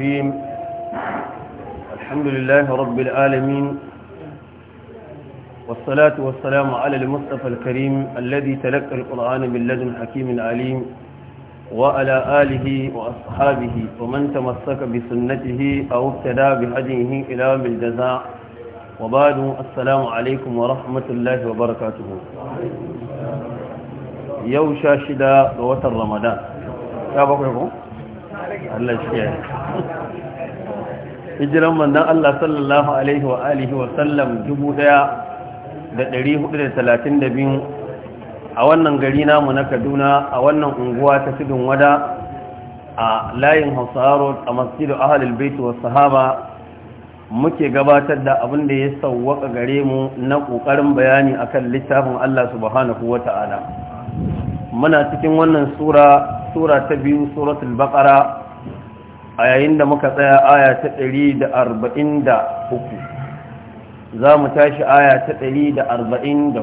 الرحيم الحمد لله رب العالمين والصلاة والسلام على المصطفى الكريم الذي تلقى القرآن من لدن حكيم عليم وعلى آله وأصحابه ومن تمسك بسنته أو ابتدى بهديه إلى بالجزاء وبعد السلام عليكم ورحمة الله وبركاته يوشا شدا بوتر رمضان يا بكركم Allah shi ya hijiran manzon Allah sallallahu alaihi wa alihi wa sallam biyu. a wannan gari namu na Kaduna a wannan unguwa ta Tudun Wada a layin Hausaro a Masjidu Ahlul Bait wa Sahaba muke gabatar da abin da ya sauwaka gare mu na ƙoƙarin bayani a kan littafin Allah subhanahu ta'ala. muna cikin wannan sura sura ta biyu suratul baƙara. a yayin da muka tsaya aya ta ɗari da da za mu tashi aya ta ɗari da da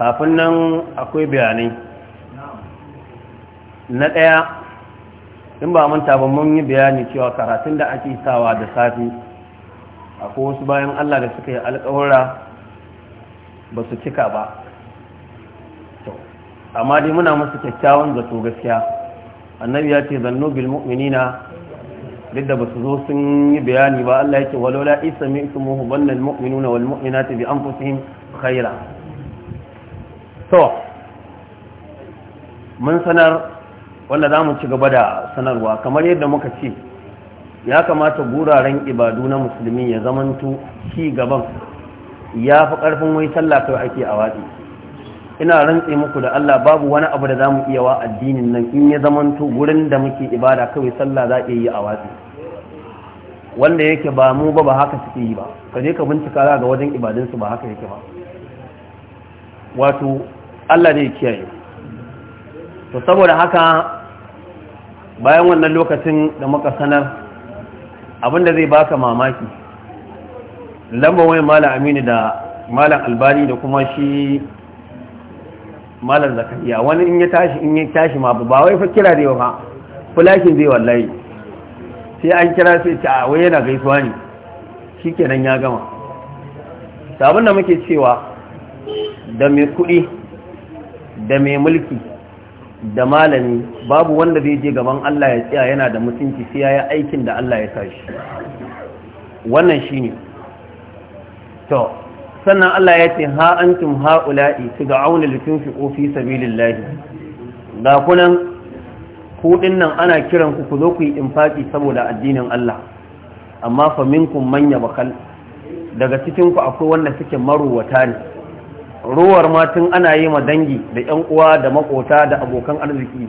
kafin nan akwai bayanai na ɗaya in ba manta ba mun yi bayani cewa karatun da ake sawa da safi akwai wasu bayan Allah da suka yi alƙawura ba su cika ba amma dai muna musu kyakkyawan zato gaskiya annabi ya ce zannu bil mu'minina duk da basu zo sun yi bayani ba Allah ya ce walau la isami'tumuhu banna mu'minuna wal mu'minatu bi anfusihim khaira to mun sanar wanda za mu ci gaba da sanarwa kamar yadda muka ce ya kamata guraren ibadu na musulmi ya zamanto ci gaban ya fi ƙarfin wai sallah kai ake a watsi ina rantse muku da Allah babu wani abu da zamu iya wa addinin nan in ya zamanto gurin da muke ibada kawai sallah za a yi a watsi wanda yake ba mu ba ba haka suke yi ba ka ka bincika za ga wajen su ba haka yake ba wato Allah ne kiyaye to saboda haka bayan wannan lokacin da muka sanar abinda zai baka mamaki lamba wai malam aminu da malam albani da kuma shi malam zakariya wani in ya tashi in ya tashi ma ba wai fa kira da ba fulakin zai wallahi sai an kira sai ta wai yana gaisuwa ne shikenan ya gama sabon da muke cewa da mai kuɗi da mai mulki da malami babu wanda zai je gaban Allah ya tsaya yana da mutunci sai yayi aikin da Allah ya sa shi wannan shine to sannan Allah ya ce ha antum haula'i auna litunfiqu fi sabilillah ga kunan kudin nan ana kiran ku ku zo ku yi infaki saboda addinin Allah amma fa minkum manya bakal daga cikin ku akwai wanda suke maruwata ne ruwar ma tun ana yi ma dangi da 'yan uwa da makota da abokan arziki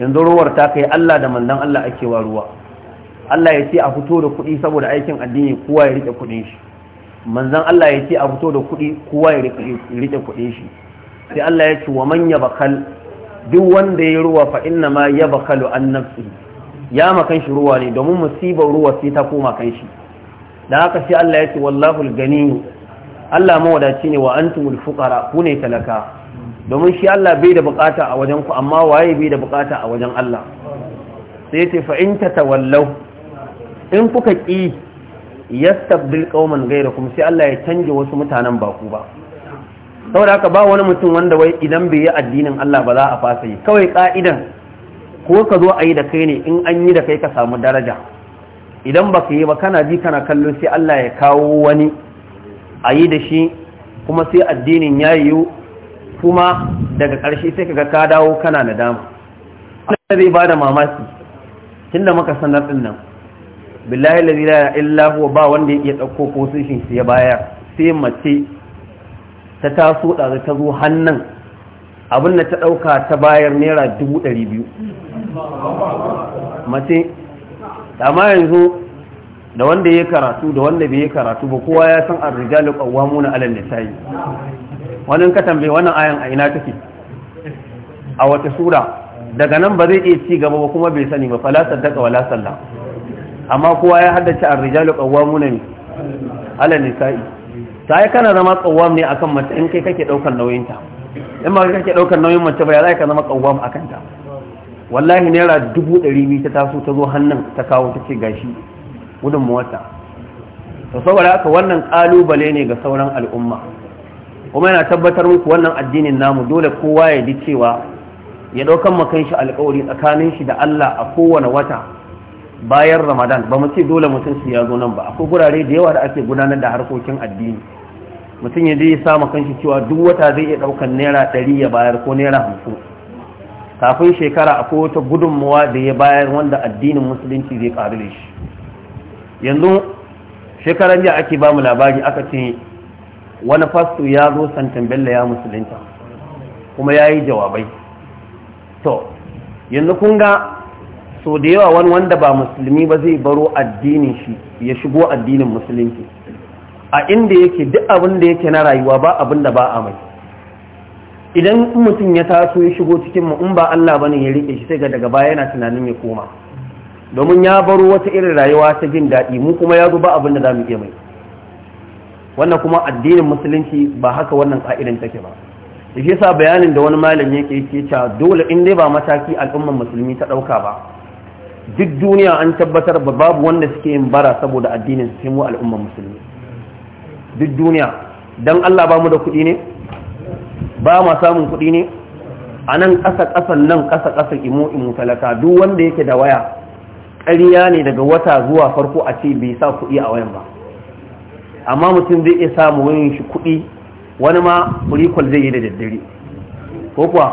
yanzu ruwar ta kai Allah da mandan Allah ake wa ruwa Allah ya ce a fito da kuɗi saboda aikin addini kowa ya riƙe kuɗin shi manzan Allah ya ce a fito da kuɗi kowa ya riƙe kuɗin shi sai Allah ya ce wa man ya bakal duk wanda ya ruwa fa inna ma ya bakalu an nafsi ya makan shi ruwa ne domin musiba ruwa sai ta koma kan shi dan haka sai Allah ya ce wallahu al-gani Allah mawadaci ne wa antumul fuqara ku ne talaka domin shi Allah bai da bukata a wajen ku amma waye bai da bukata a wajen Allah sai ya ce fa in tatawallau in kuka ki? yastabdil qauman ghayrakum sai Allah ya canje wasu mutanen baku ba saboda haka ba wani mutum wanda wai idan bai yi addinin Allah ba za a fasa yi kawai ka'idan ko ka zo ayi da kai ne in an yi da kai ka samu daraja idan baka yi ba kana ji kana kallo sai Allah ya kawo wani ayi da shi kuma sai addinin ya yiwu kuma daga ƙarshe sai kaga ka dawo kana nadama Allah zai bada mamaki tunda muka sanar din nan billahi la ilaha illa huwa ba wanda ya dauko ko shi ya baya sai mace ta taso da ta zo hannan abin da ta dauka ta bayar naira 200 mace amma yanzu da wanda ya karatu da wanda bai karatu ba kowa ya san ar-rijalu qawwamuna 'ala an-nisa'i wannan ka tambaye wannan ayan a ina take a wata sura daga nan ba zai iya ci gaba ba kuma bai sani ba fala daga wala sallah amma kowa ya haddace an rijalu qawwamuna ne ala nisa'i yi kana zama ƙawam ne akan mace in kai kake ɗaukar nauyin ta in ma kake ɗaukar nauyin mace ba za ka zama ƙawam akan ta wallahi naira dubu ɗari biyu ta taso ta zo hannun ta kawo ta ce gashi gudun mawata to saboda haka wannan ƙalubale ne ga sauran al'umma kuma yana tabbatar muku wannan addinin namu dole kowa ya ji cewa ya ɗaukan makan shi alƙawari tsakanin shi da Allah a kowane wata bayan ramadan ba mu ce dole mutum su ya zo nan ba akwai gurare da yawa da ake gudanar da harkokin addini mutum ya je ya samu kanshi cewa duk wata zai iya ɗaukar naira ɗari ya bayar ko naira hamsin kafin shekara akwai wata gudunmawa da ya bayar wanda addinin musulunci zai ƙaru shi yanzu shekaran jiya ake ba mu labari aka ce wani fasto ya zo santan bello ya musulunta kuma ya yi jawabai to yanzu kun ga so da yawa wani wanda ba musulmi ba zai baro addinin shi ya shigo addinin musulunci a inda yake duk abin da yake na rayuwa ba abin da ba a mai idan mutum ya taso ya shigo cikin mu in ba Allah bane ya rike shi sai ga daga baya yana tunanin ya koma domin ya baro wata irin rayuwa ta jin daɗi mu kuma ya zo ba abin da za mu iya mai wannan kuma addinin musulunci ba haka wannan ka'idan take ba da shi yasa bayanin da wani malami yake yake cewa dole in dai ba mataki al'ummar musulmi ta ɗauka ba duk duniya an tabbatar ba babu wanda suke yin bara saboda addinin sai mu al'umman musulmi duk duniya dan Allah ba mu da kuɗi ne ba ma samun kuɗi ne a nan ƙasa ƙasan nan ƙasa ƙasa imo imo talaka duk wanda yake da waya ƙarya ne daga wata zuwa farko a ce bai sa kuɗi a wayan ba amma mutum zai iya samu wayan shi kuɗi wani ma kurikul zai yi da daddare ko kuwa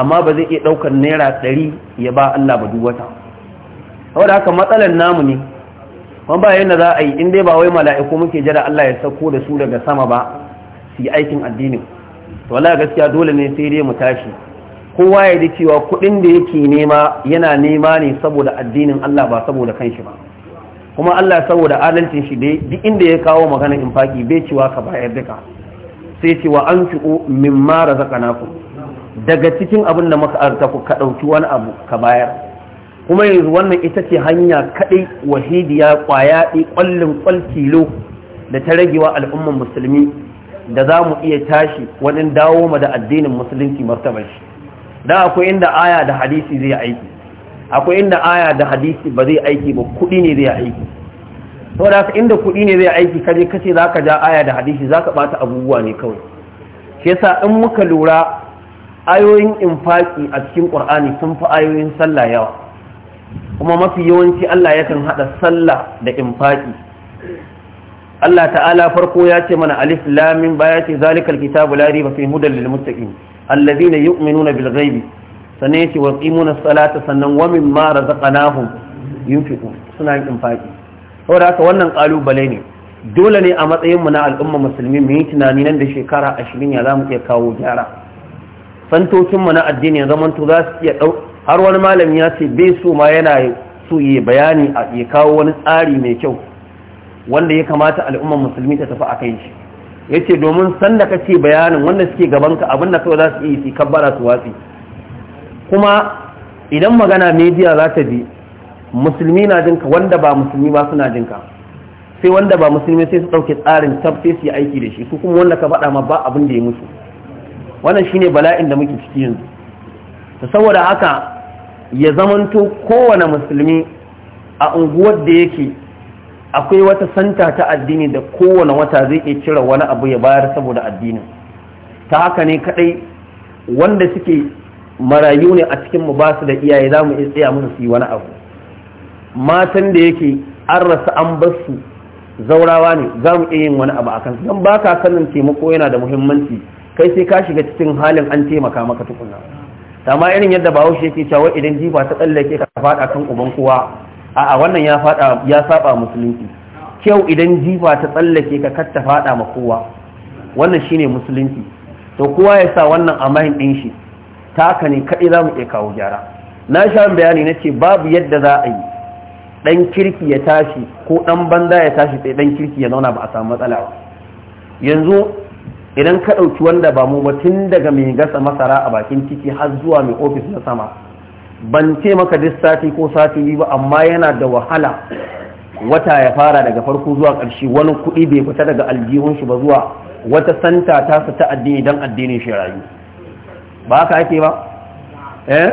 amma ba zai iya ɗaukar naira ɗari ya ba Allah ba duk wata saboda haka matsalar namu ne man ba yadda za a yi in ba wai mala'iku muke jira Allah ya sauko da su daga sama ba su yi aikin addini to wallahi gaskiya dole ne sai dai mu tashi kowa ya ji cewa kuɗin da yake nema yana nema ne saboda addinin Allah ba saboda kanshi ba kuma Allah saboda adalcin shi dai duk inda ya kawo maganar infaki bai cewa ka bayar duka sai cewa an fi'o mimma razaqnakum daga cikin abin da muka arta ku ka dauki wani abu ka bayar kuma yanzu wannan ita ce hanya kaɗai wahidiya ƙwaya ɗi ƙwallin ƙwalkilo da ta ragewa al'umman musulmi da za mu iya tashi wajen dawo ma da addinin musulunci martabar shi da akwai inda aya da hadisi zai aiki akwai inda aya da hadisi ba zai aiki ba kuɗi ne zai aiki to da inda kuɗi ne zai aiki kaje kace za ka ja aya da hadisi za ka ɓata abubuwa ne kawai shi yasa in muka lura ayoyin infaki a cikin qur'ani sun fi ayoyin sallah yawa kuma mafi yawanci Allah yakan hada sallah da infaki Allah ta'ala farko ya ce mana alif lam baya ce zalikal kitabu la riba fi hudal lil muttaqin alladhina yu'minuna bil ghaibi sannan yace wa qimuna salata sannan wa mimma razaqnahum yunfiqun suna yin infaki saboda haka wannan kalubale ne dole ne a mu na al'umma musulmi mu yi tunani nan da shekara ashirin ya za mu iya kawo gyara Santocin mu na addini ya zamanto za su iya har wani malami ya ce bai so ma yana so ya bayani a ya kawo wani tsari mai kyau wanda ya kamata al'ummar musulmi ta tafi a kan shi ya ce domin sanda ka ce bayanin wanda suke gabanka abin da kawai za su yi su kabbara su watsi kuma idan magana media za ta bi musulmi na jinka wanda ba musulmi ba suna jinka sai wanda ba musulmi sai su dauke tsarin tab sai su yi aiki da shi su kuma wanda ka faɗa ma ba abin da ya mutu wannan shine bala'in da muke ciki yanzu saboda haka ya zamanto kowane musulmi a unguwar da yake akwai wata santa ta addini da kowane wata zai iya cire wani abu ya bayar saboda addinin ta haka ne kadai wanda suke marayu ne a cikin mu ba da iyaye za mu tsaya musu su yi wani abu matan da yake an rasa an basu su zaurawa ne za mu iya yin wani abu a kansu don ba ka sanin taimako yana da muhimmanci kai sai ka shiga cikin halin an taimaka maka tukuna amma irin yadda bahaushe yake cewa idan jifa ta tsallake ka fada kan uban kowa a'a wannan ya fada ya saba musulunci kyau idan jifa ta tsallake ka kar ta fada ma kowa wannan shine musulunci to kowa ya sa wannan amahin din shi ta haka ne kadai zamu iya kawo gyara na sha bayani na ce babu yadda za a yi ɗan kirki ya tashi ko ɗan banza ya tashi sai ɗan kirki ya zauna ba a samu matsala ba yanzu idan ka ɗauki wanda ba mu tun daga mai gasa masara a bakin ciki har zuwa mai ofis na sama ban ce maka duk sati ko sati biyu ba amma yana da wahala wata ya fara daga farko zuwa ƙarshe wani kuɗi bai fita daga aljihun shi ba zuwa wata santa ta su ta addini don addinin shi rayu ba ka ake ba eh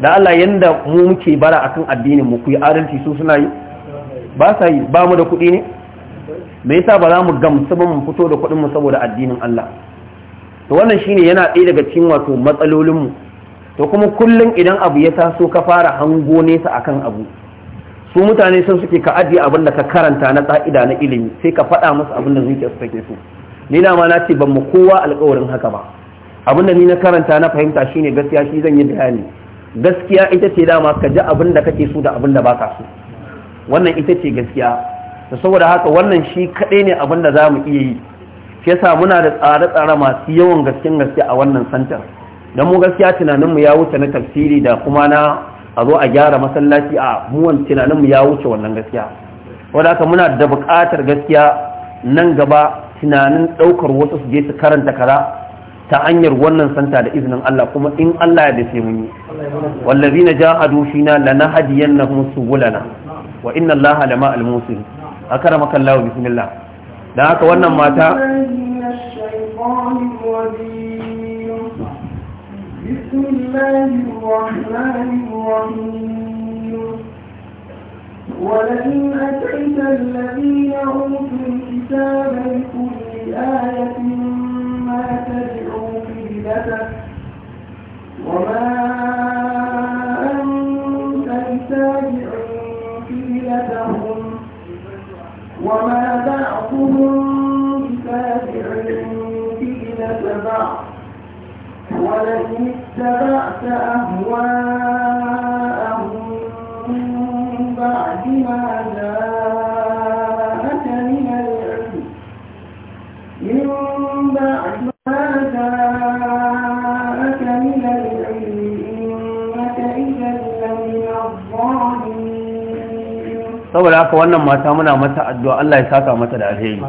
da Allah yanda mu muke bara akan addinin mu ku yi adalci su suna yi ba sa yi ba mu da kuɗi ne me yasa ba za mu gamsu ba mu fito da kuɗin mu saboda addinin Allah to wannan shine yana ɗaya daga cikin wato matsalolin mu to kuma kullum idan abu ya taso ka fara hango nesa akan abu su mutane sun suke ka ajiye abin da ka karanta na ka'ida na ilimi sai ka faɗa musu abin da zuciya su take so ni na ma na ce ban mu kowa alƙawarin haka ba abin da ni na karanta na fahimta shine gaskiya shi zan yi bayani gaskiya ita ce dama ka ji abin da kake so da abin da baka so wannan ita ce gaskiya da saboda haka wannan shi kaɗai ne abin da za mu iya yi shi yasa muna da tsare-tsare masu yawan gaskin gaske a wannan santar don mu gaskiya tunaninmu ya wuce na tafsiri da kuma na a zo a gyara masallaci a muwan tunaninmu ya wuce wannan gaskiya wadda haka muna da buƙatar gaskiya nan gaba tunanin ɗaukar wasu su je su karanta kaza ta hanyar wannan santa da izinin Allah kuma in Allah ya dace mun yi wallazina jahadu fina lanahdiyanna hum subulana wa inna Allaha lama al أكرمك الله بسم الله دعاك وانا ماتا بسم الله الرحمن الرحيم ولئن أتيت الذين أوتوا الكتاب بكل آية ما تدعو قبلتك وما وما بعضهم بتابع دين بعض ولئن اتبعت أهواءهم من بعد ما جاء saboda haka wannan mata muna mata addu'a Allah ya saka mata da alheri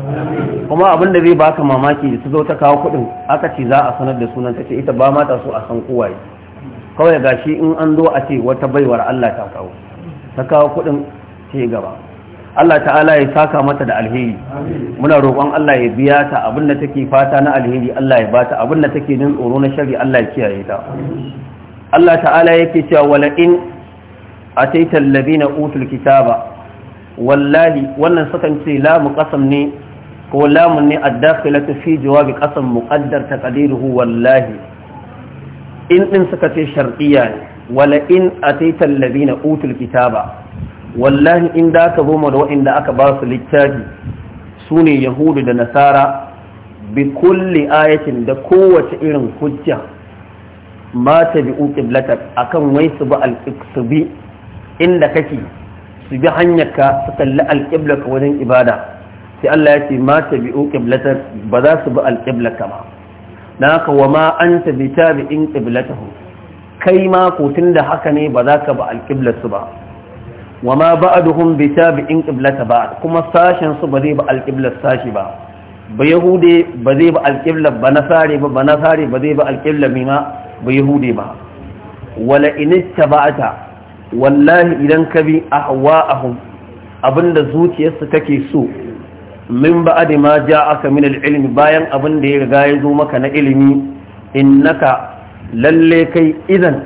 kuma abin da zai baka mamaki su zo ta kawo kuɗin aka ce za a sanar da sunan ta ce ita ba mata so a san kowaye kawai gashi in an zo a ce wata baiwar Allah ta kawo ta kawo kuɗin ce gaba Allah ta'ala ya saka mata da alheri muna roƙon Allah ya biya ta abin da take fata na alheri Allah ya bata abin da take jin tsoro na shari Allah ya kiyaye ta Allah ta'ala yake cewa wala in ataita alladhina utul kitaba wallahi wannan sukan ce lamu kasam ne ko lamun ne fi jawabi qasam muqaddar taqdiruhu wallahi in din suka ce shar'iyya ne wala in ataita na utul kitaba wallahi in da ka zo da waɗanda aka ba su littafi sune yahudu da nasara bi kulli ayatin da kowace irin hujja ma ta bi qiblatak akan wai su ba al inda kake su bi hanyarka su kalli alƙiblaka wajen ibada sai Allah ya ce ma ta bi'u ƙiblatar ba za su bi alƙiblaka ba na haka wa ma an ta bi ta bi in ƙiblatahu kai ma ko tun da haka ne ba za ka bi alƙiblarsu ba wa ma ba'aduhum bi ta bi in ƙiblata ba kuma sashen su ba zai bi alƙiblar sashi ba ba yahude ba zai bi alƙiblar ba nasare ba ba nasare ba zai bi alƙiblar mima ba yahude ba wala in ta. wallahi idan ka bi a ahwa'ahum abinda zuciyarsu take so min ba'di ma ja'aka min al-ilmi bayan da ya riga ya zo maka na ilimi innaka lalle kai idan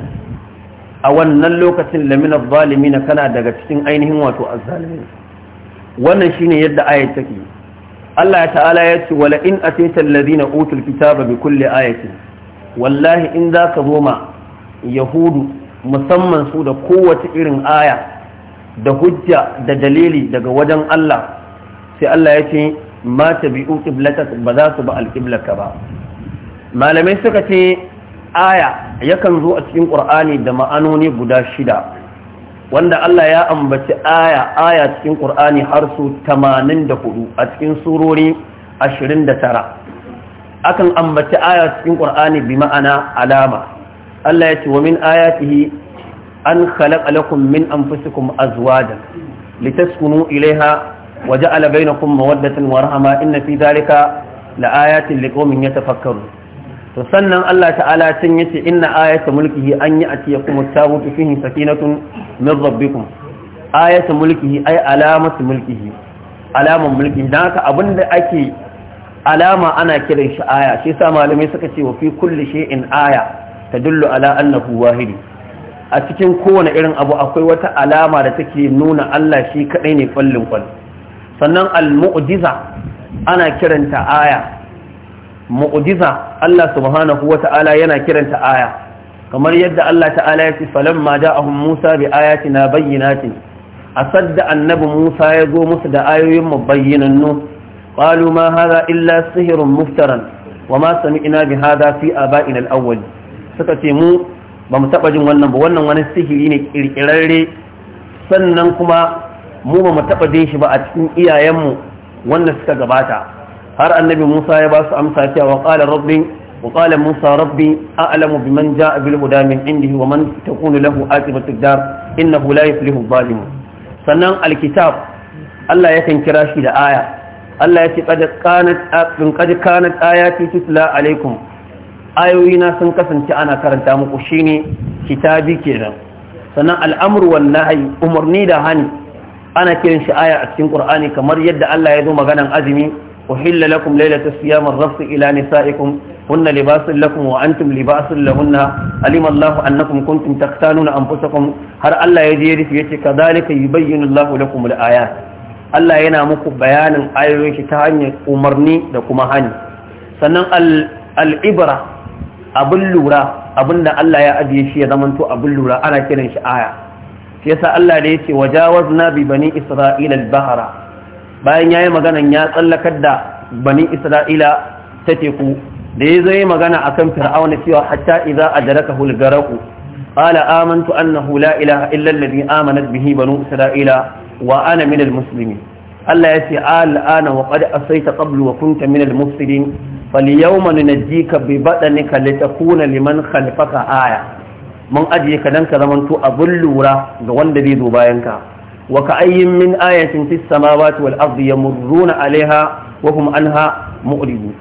a wannan lokacin lamina na kana daga cikin ainihin wato azzalimin wannan shine yadda ayat take Allah ta'ala ya ce wala in atayta alladhina utul kitaba bi kulli ayatin wallahi in zaka zo ma yahudu musamman su da kowace irin aya da hujja da dalili daga wajen Allah sai Allah ya ce ma tabi'u qiblatak ba za su ba alqiblaka ba malamai suka ce aya yakan zo a cikin qur'ani da ma'anoni guda shida wanda Allah ya ambaci aya aya cikin qur'ani har su 84 a cikin surori 29 akan ambaci aya cikin qur'ani bi ma'ana alama Allah ya ce wa min ayatihi an khalaqa lakum min anfusikum azwajan litaskunu ilaiha wa ja'ala bainakum mawaddatan wa rahma inna fi dhalika laayatin liqaumin yatafakkarun to sannan Allah ta'ala sun yace inna ayata mulkihi an ya'tiyakum at-tabutu fihi sakinatun min rabbikum ayata mulkihi ay alamatu mulkihi alaman mulkihi dan haka abinda ake alama ana kiran shi aya shi sa malamai suka ce wa fi kulli shay'in aya tadullu ala annahu wahid a cikin kowane irin abu akwai wata alama da take nuna Allah shi kaɗai ne kwallin kwal sannan al-mu'jiza ana kiranta aya mu'jiza Allah subhanahu wata'ala yana kiranta aya kamar yadda Allah ta'ala ya ce falamma ja'ahum Musa bi ayatina bayyinatin asadda annabi Musa ya zo musu da ayoyin mu bayyinannu qalu ma hadha illa sihrun muftaran wama sami'na bi hadha fi aba'ina al-awwal suka ce mu ba mu taɓa jin wannan ba wannan wani sihiri ne ƙirƙirarre sannan kuma mu ba mu taɓa jin shi ba a cikin iyayenmu wanda suka gabata har annabi musa ya ba su amsa cewa wa ƙalar rabbi wa musa rabbi a'lamu bi man ja'a bil huda min indihi wa man takunu lahu aqibatu dar innahu la yuflihu zalimun sannan alkitab Allah yakan kira shi da aya Allah ya ce qad kanat qad kanat ayati tutla alaikum ayoyi na sun kasance ana karanta muku shine kitabi kenan sannan al'amru wan nahyi umarni da hani ana kiran shi aya a cikin qur'ani kamar yadda Allah ya zo maganan azumi uhilla lakum laylata siyam ar-rafs ila nisaikum hunna libasun lakum wa antum libasun lahunna alima Allah annakum kuntum taqtanuna anfusakum har Allah ya je rufe yace kadhalika yubayyinu Allah lakum al-ayat Allah yana muku bayanin ayoyin shi ta hanyar umarni da kuma hani sannan al-ibra abin lura abin da Allah ya ajiye shi ya zamanto abin lura ana kiran shi aya shi yasa Allah da yace wajawazna bi bani isra'ila al-bahra bayan yayi maganan ya tsallakar da bani isra'ila ta teku da yazo yi magana akan fir'auna cewa hatta idza adrakahu al-gharaqu qala amantu annahu la ilaha illa alladhi amanat bihi banu isra'ila wa ana minal muslimin Allah ya ce al'ana wa qad asaita qablu wa kunta minal mufsidin falyawma nunajjika bi badanika litakuna liman khalfaka aya mun ajiye ka dan ka zamanto abun lura ga wanda zai zo bayan ka wa ka ayyin min ayatin fis samawati wal ardi yamurruna alaiha wa hum anha mu'ridun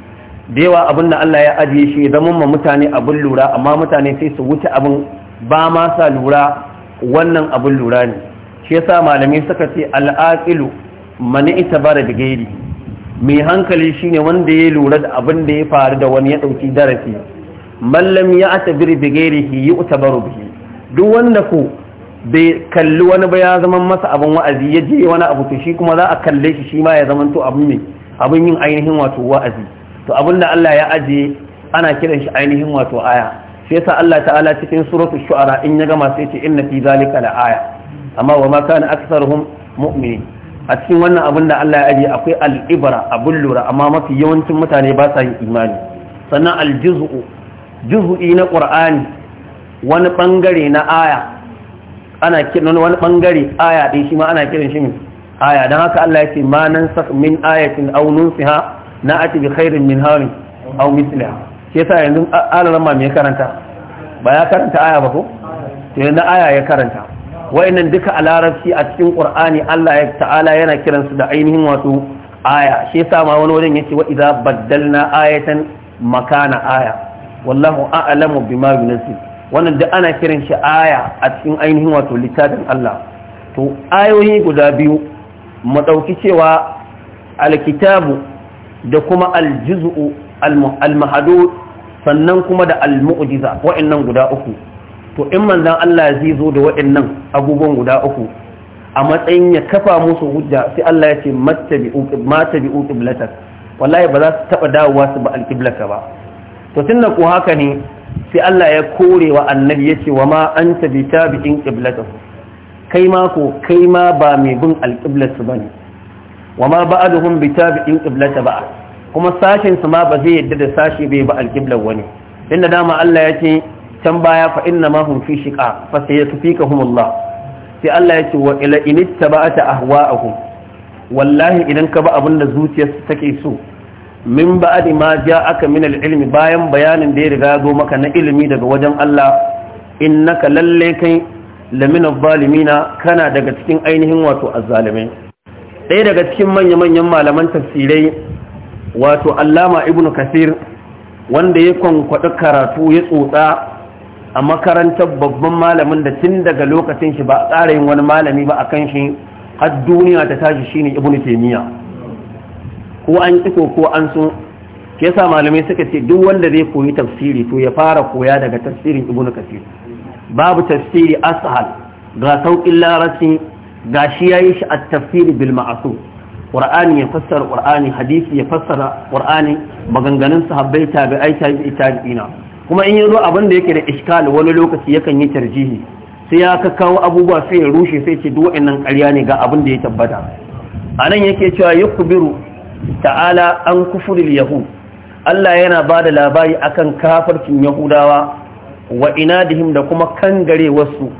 da yawa abin da Allah ya ajiye shi zaman ma mutane abun lura amma mutane sai su wuce abin ba ma sa lura wannan abun lura ne shi yasa malamai suka ce al'aqilu mani ita bara da gairi mai hankali shine wanda ya lura da abin da ya faru da wani ya ɗauki darasi mallam ya atabir da gairi ki yi utabaru bihi duk wanda ku bai kalli wani ba ya zama masa abin wa'azi ya je wani abu to shi kuma za a kalle shi shi ma ya zama to abin ne abin yin ainihin wato wa'azi to abin da Allah ya aje ana kiran shi ainihin wato aya sai yasa Allah ta'ala cikin suratul shu'ara in ya gama sai ce inna fi zalika la aya amma wa ma kana aktsaruhum mu'minin a cikin wannan abin da Allah ya ajiye akwai al'ibara abin lura amma mafi yawancin mutane ba sa yin imani sannan aljizu'u juzu'i na ƙur'ani wani ɓangare na aya ana kiran wani ɓangare aya ɗin shi ma ana kiran shi aya don haka Allah ya ce ma nan min ayatin aw nunsiha na ati bi khairin min hawin aw misliha Ke sa yanzu alarama me karanta ba ya karanta aya ba ko to yanzu aya ya karanta wa'annan duka a larabci a cikin ƙur'ani Allah ya ta'ala yana kiransu da ainihin wato aya shi yasa ma wani wajen yace wa idza baddalna ayatan makana aya wallahu a'lamu bima yunzil wannan da ana kiran shi aya a cikin ainihin wato littafin Allah to ayoyi guda biyu mu dauki cewa alkitabu da kuma aljuz'u almahdud sannan kuma da almu'jiza wa'annan guda uku to in manzan Allah zai zo da waɗannan abubuwan guda uku a matsayin ya kafa musu hujja sai Allah ya ce mata bi qiblatak wallahi ba za su taba dawowa su ba alqiblaka ba to tunda ko haka ne sai Allah ya kore wa annabi yace wa ma anta bi tabi'in qiblatak kai ma ko kai ma ba mai bin alqiblatu bane wa ma ba'aduhum bi tabi'in qiblata ba kuma sashin su ma ba zai yadda da sashi bai ba alqiblar wani inda dama Allah ya ce can baya fa inna ma hum fi shiqaq fa sayakfikahum Allah sai Allah yace wa ila in ittaba'ata ahwa'ahum wallahi idan ka ba abin da zuciyarsu take so min ba'di ma ja'aka min al-ilmi bayan bayanin da ya riga zo maka na ilimi daga wajen Allah innaka lalle kai lamina zalimina kana daga cikin ainihin wato azzalimai ɗaya daga cikin manya-manyan malaman tafsirai wato allama ibnu kasir wanda ya kwankwaɗi karatu ya tsotsa a makarantar babban malamin da tun daga lokacin shi ba a yin wani malami ba a kan shi har duniya ta tashi shine Ibn taymiya ko an kiko ko an so ke sa malamai suka ce duk wanda zai koyi tafsiri to ya fara koya daga tafsirin Ibn kasir babu tafsiri ashal ga sauƙin larasi ga shi yayi shi a tafsiri bil Ƙur'ani qur'ani ya fassara qur'ani hadisi ya fassara qur'ani maganganun sahabbai tabi'ai tabi'ina kuma in yazo abin da yake da iskal wani lokaci yakan yi tarjihi sai ya kawo abubuwa sai ya rushe sai ce duwa wa'annan ƙarya ne ga abin da ya tabbata A nan yake cewa yukbiru ta'ala an kufuril Yahu. Allah yana ba da labari akan kafarcin yahudawa wa inadihim da kuma kangare wasu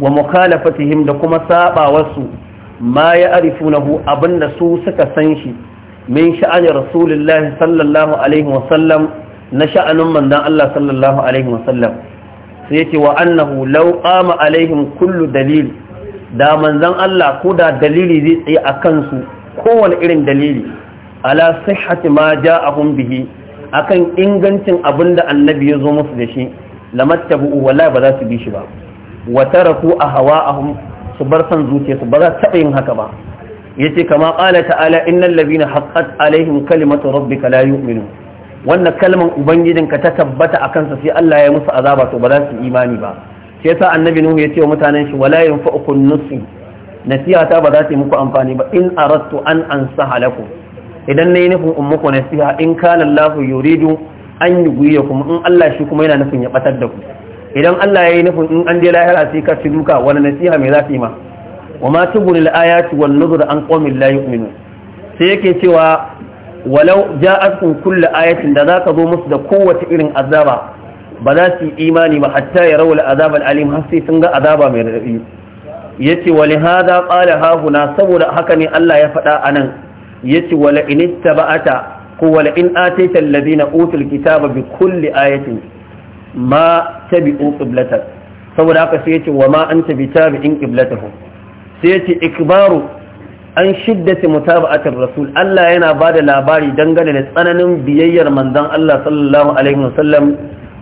wa mukhalafatihim da kuma saba wasu ma ya abin abinda su suka san shi min sha'anin rasulullahi sallallahu alaihi wasallam na sha'anin manzon Allah sallallahu alaihi wasallam sai yace wa annahu law qama alaihim kullu dalil da manzon Allah ko da dalili zai tsaye a kansu kowane irin dalili ala sihhati ma ja'ahum bihi akan ingancin da annabi ya zo musu da shi lamattabu wala ba za su bi shi ba wa taraku ahwa'ahum su bar san zuciyarsu ba za su taɓa yin haka ba yace kama qala ta'ala innal ladina haqqat alaihim kalimatu rabbika la yu'minun wannan kalman ka ta tabbata a kansa sai Allah ya musu azaba to ba za su imani ba shi yasa annabi nuhu ya ce wa mutanen shi wala yanfa'ukum nusi nasiha ta ba za ta yi muku amfani ba in aradtu an ansaha lakum idan nayi nufin in muku nasiha in kana Allah yuridu an kuma in Allah shi kuma yana nufin ya batar da ku idan Allah ya yi nufin in an je lahira sai ka ci duka wani nasiha mai za ta yi ma wa ma tubul ayati wan nuzur an qaumin la yu'minun sai yake cewa walau ja'atkum kullu ayatin da zaka zo musu da kowace irin azaba ba za su yi imani ba hatta ya rawul azab alim har sai sun ga azaba mai radadi yace wa lihada qala hahuna saboda haka ne Allah ya faɗa anan yace wala in ittaba'ata ko wala in ataita alladhina utul kitaba bi kulli ayatin ma tabi'u qiblatak saboda haka sai yace wa ma anta bi tabi'in sai yace ikbaru an shiddace mutaba'atar rasul Allah yana ba da labari dangane da tsananin biyayyar manzon Allah sallallahu alaihi wasallam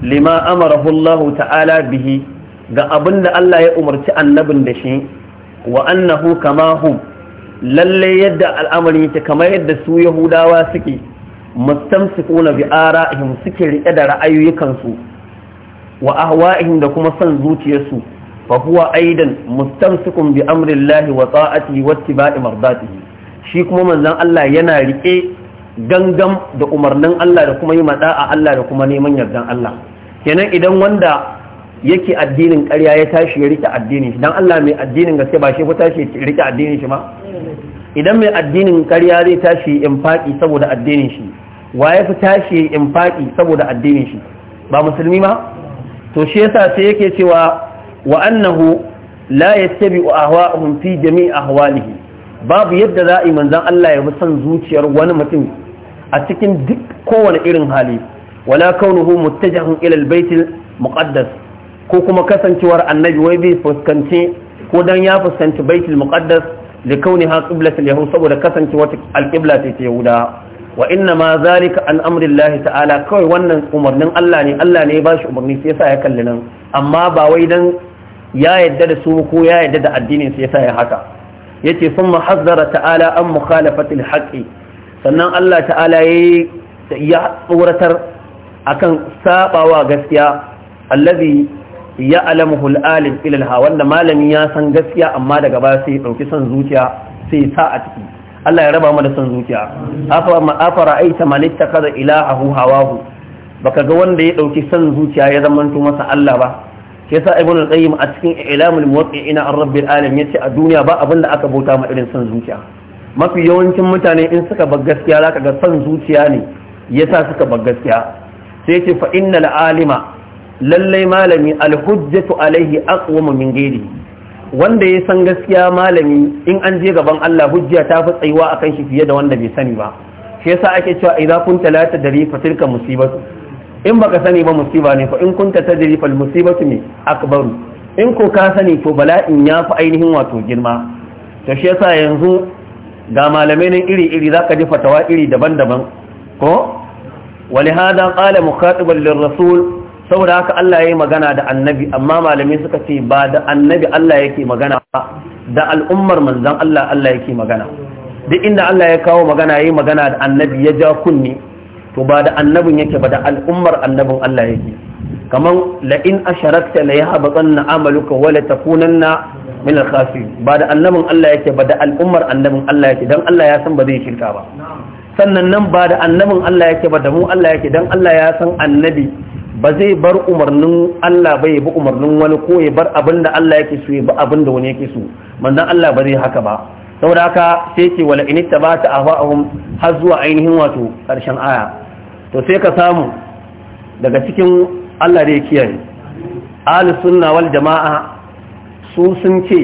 lima amarahu Allah ta'ala bihi ga abinda Allah ya umarci annabin da shi wa annahu kama hum lalle yadda al'amari ta kamar yadda su yahudawa suke mustamsikuna bi ara'ihim suke rike da ra'ayoyinsu wa ahwa'ihim da kuma son zuciyarsu fa huwa aidan mustamsikun bi amrillahi wa ta'ati wa ittiba'i mardatihi shi kuma manzon Allah yana rike gangam da umarnin Allah da kuma yi a Allah da kuma neman yardan Allah kenan idan wanda yake addinin ƙarya ya tashi ya rike addinin shi dan Allah mai addinin gaske ba shi ko tashi ya rike addinin shi ma idan mai addinin ƙarya zai tashi in faɗi saboda addinin shi wa ya fi tashi in faɗi saboda addinin shi ba musulmi ma to shi yasa sai yake cewa wa annahu la yattabi'u ahwa'uhum fi jami'i ahwalihi babu yadda za a manzon Allah ya fi son zuciyar wani mutum a cikin duk kowane irin hali wala kaunuhu muttajahun ila albayt muqaddas ko kuma kasancewar annabi wai bai fuskanci ko dan ya fuskanci baitul muqaddas da kauniha qiblatul yahud saboda kasancewar alqibla ta yahuda wa inna ma zalika an amrillahi ta'ala kawai wannan umarnin Allah ne Allah ne ya bashi umarni sai yasa ya kalli nan amma ba wai dan ya yadda da su ko ya yadda da addinin su yasa ya haka yace summa hazzara ta'ala an mukhalafati alhaqi sannan Allah ta'ala yayi ya tsoratar akan sabawa gaskiya allazi ya'lamuhu alalim ila ilal wanda malami ya san gaskiya amma daga ba sai dauki son zuciya sai sa a ciki Allah ya raba mu da son zuciya afa ma afara aita man ittakhadha ilahahu hawahu baka ga wanda ya dauki son zuciya ya zamanto masa Allah ba shi yasa ibn qayyim a cikin ilamul ina an rabbil ya yace a duniya ba abin da aka bauta ma irin son zuciya mafi yawancin mutane in suka bar gaskiya zaka ga son zuciya ne yasa suka bar gaskiya sai yace fa innal alima lallai malami al-hujjatu alaihi aqwamu min ghairihi wanda ya san gaskiya malami in an je gaban Allah hujja ta fi tsayuwa akan shi fiye da wanda bai sani ba shi yasa ake cewa idza kunta la tadri fa tilka musibatu in baka sani ba musiba ne fa in kunta tajri fal musibatu ni akbaru in ko ka sani to bala'in ya fi ainihin wato girma to shi yasa yanzu ga malamai nan iri iri zaka ji fatawa iri daban-daban ko walihada qala mukhatiban lirrasul saboda haka Allah yayi magana da annabi amma malami suka ce ba da annabi Allah yake magana ba da al'ummar manzon Allah Allah yake magana duk inda Allah ya kawo magana yayi magana da annabi ya ja kunni to ba da annabin yake ba da al'ummar annabin Allah yake kaman la in asharakta la yahbatanna amaluka wa la takunanna min al ba da annabin Allah yake ba da al'ummar annabin Allah yake dan Allah ya san ba zai shirka ba sannan nan ba da annabin Allah yake ba da mu Allah yake dan Allah ya san annabi ba zai bar umarnin Allah ba ya bi umarnin wani ko ya bar abin da Allah yake so ya bi abin da wani yake so manzon Allah ba zai haka ba saboda haka sai ce wala in ittabata ahwa'ahum har zuwa ainihin wato karshen aya to sai ka samu daga cikin Allah da ya kiyaye ahli sunna wal jama'a su sun ce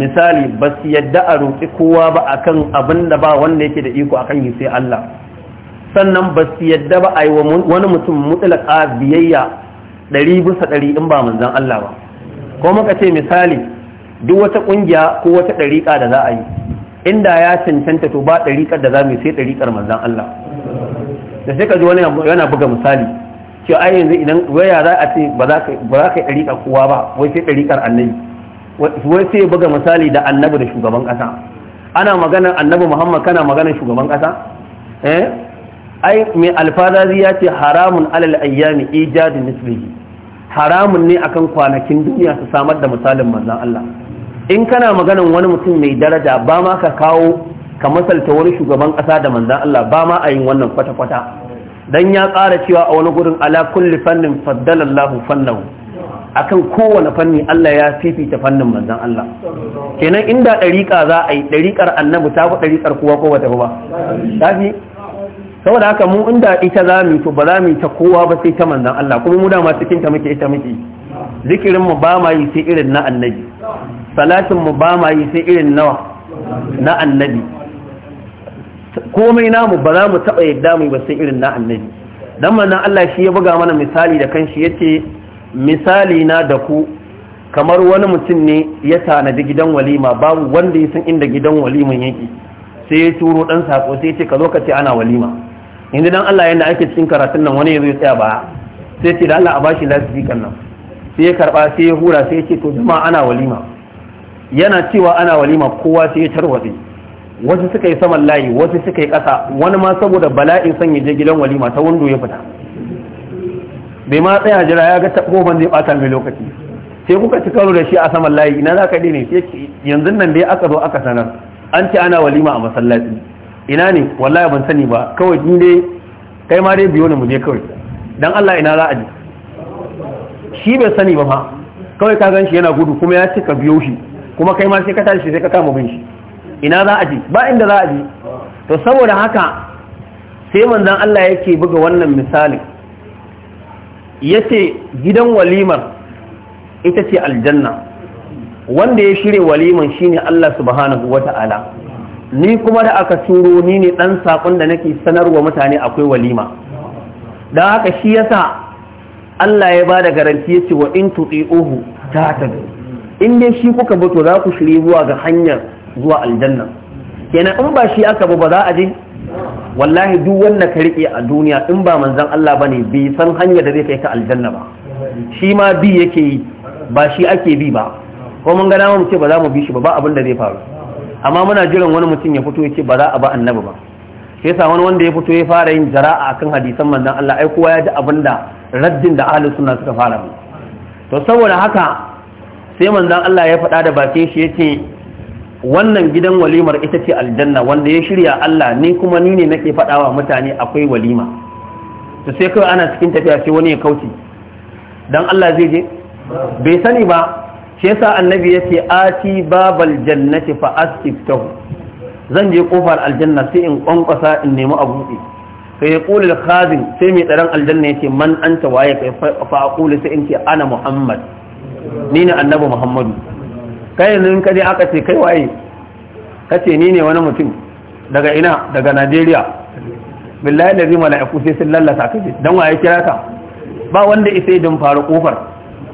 misali ba su yadda a roƙi kowa ba akan abin da ba wanda yake da iko akan yi sai Allah sannan ba su yadda ba a yi wani mutum mutlaka biyayya ɗari bisa ɗari in ba manzan Allah ba ko muka ce misali duk wata ƙungiya ko wata ɗariƙa da za a yi inda ya cancanta to ba ɗariƙar da za mu sai ɗariƙar manzan Allah da sai ka ji wani yana buga misali cewa ai yanzu idan waya za a ce ba za ka yi dariƙa kowa ba wai sai dariƙar annabi wai sai buga misali da annabi da shugaban ƙasa ana magana annabi muhammad kana magana shugaban ƙasa eh ai mai alfazazi ya ce haramun alal ayyami ijadu mislihi haramun ne akan kwanakin duniya su samar da misalin manzon Allah in kana maganan wani mutum mai daraja ba ma ka kawo ka masalta wani shugaban ƙasa da manzan Allah ba ma a yin wannan kwata-kwata dan ya ƙara cewa a wani gudun ala kulli fannin faddalallahu fannahu kan kowane fanni Allah ya fifita fannin manzan Allah kenan inda ɗariƙa za a yi ɗariƙar annabi ta fi ɗariƙar kowa ko wata ba tafi saboda haka mu inda ita za mu to ba za mu ta kowa ba sai ta manzan Allah kuma mu dama cikin ta muke ita muke zikirin mu ba ma yi sai irin na annabi salatin mu ba ma yi sai irin nawa na annabi komai namu ba za mu taɓa yadda mu ba sai irin na annabi dan manzon Allah shi ya buga mana misali da kanshi yace misali na da ku kamar wani mutum ne ya tanadi gidan walima babu wanda ya san inda gidan waliman yake sai ya turo dan sako sai ya ce ka zo ka ce ana walima inda dan Allah yana ake cikin karatun nan wani ya zo ya tsaya ba sai ce da Allah a bashi kan nan sai ya karba sai ya hura sai ya ce to jama'a ana walima yana cewa ana walima kowa sai ya tarwatse wasu suka yi saman layi wasu suka yi ƙasa wani ma saboda bala'in son ya je gidan walima ta wando ya fita bai ma tsaya jira ya ga kofan zai bata mai lokaci sai kuka ci karo da shi a saman layi ina za ka ne yanzu nan dai aka zo aka sanar an ce ana walima a masallaci ina ne wallahi ban sani ba kawai ni dai kai ma dai biyo ne mu je kawai dan Allah ina za a ji shi bai sani ba ma kawai ka gan shi yana gudu kuma ya ce ka biyo shi kuma kai ma sai ka tashi sai ka kama bin shi ina za a ji ba inda za a ji to saboda haka sai manzan Allah yake buga wannan misali yace gidan walimar ita ce aljanna wanda ya shirya waliman shine Allah subhanahu wata'ala ni kuma da aka turo ni ne dan sakon da nake sanarwa mutane akwai walima dan haka shi yasa Allah ya bada garanti ya ce wa in ta ta in dai shi kuka bi to za ku shirye zuwa ga hanyar zuwa aljanna kenan in ba shi aka ba za a je wallahi duk wanda ka rike a duniya in ba manzon Allah bane bai san hanyar da zai kai ka aljanna ba shi ma bi yake yi ba shi ake bi ba ko mun ga namu ce ba za mu bi shi ba ba abin da zai faru amma muna jiran wani mutum ya fito yake ba za a ba annabi ba sai yasa wani wanda ya fito ya fara yin jara'a akan hadisan manzon Allah ai kowa ya ji abinda raddin da ahlus sunna suka fara to saboda haka sai manzon Allah ya faɗa da bakin shi yace wannan gidan walimar ita ce aljanna wanda ya shirya Allah ni kuma ni ne nake faɗawa mutane akwai walima to sai kawai ana cikin tafiya sai wani ya kauce dan Allah zai je bai sani ba shi yasa annabi yace ati babal jannati fa astiftahu zan je kofar aljanna sai in kwankwasa in nemi abu fa yaqulu al kazin sai mai tsaron aljanna yace man anta waye fa aqulu sai in ce ana muhammad ni ne annabi muhammadu kai yanzu ka aka ce kai waye ka ni ne wani mutum daga ina daga najeriya billahi da zima la'iku sai sun lallata ka don waye kira ka ba wanda isa don faru kofar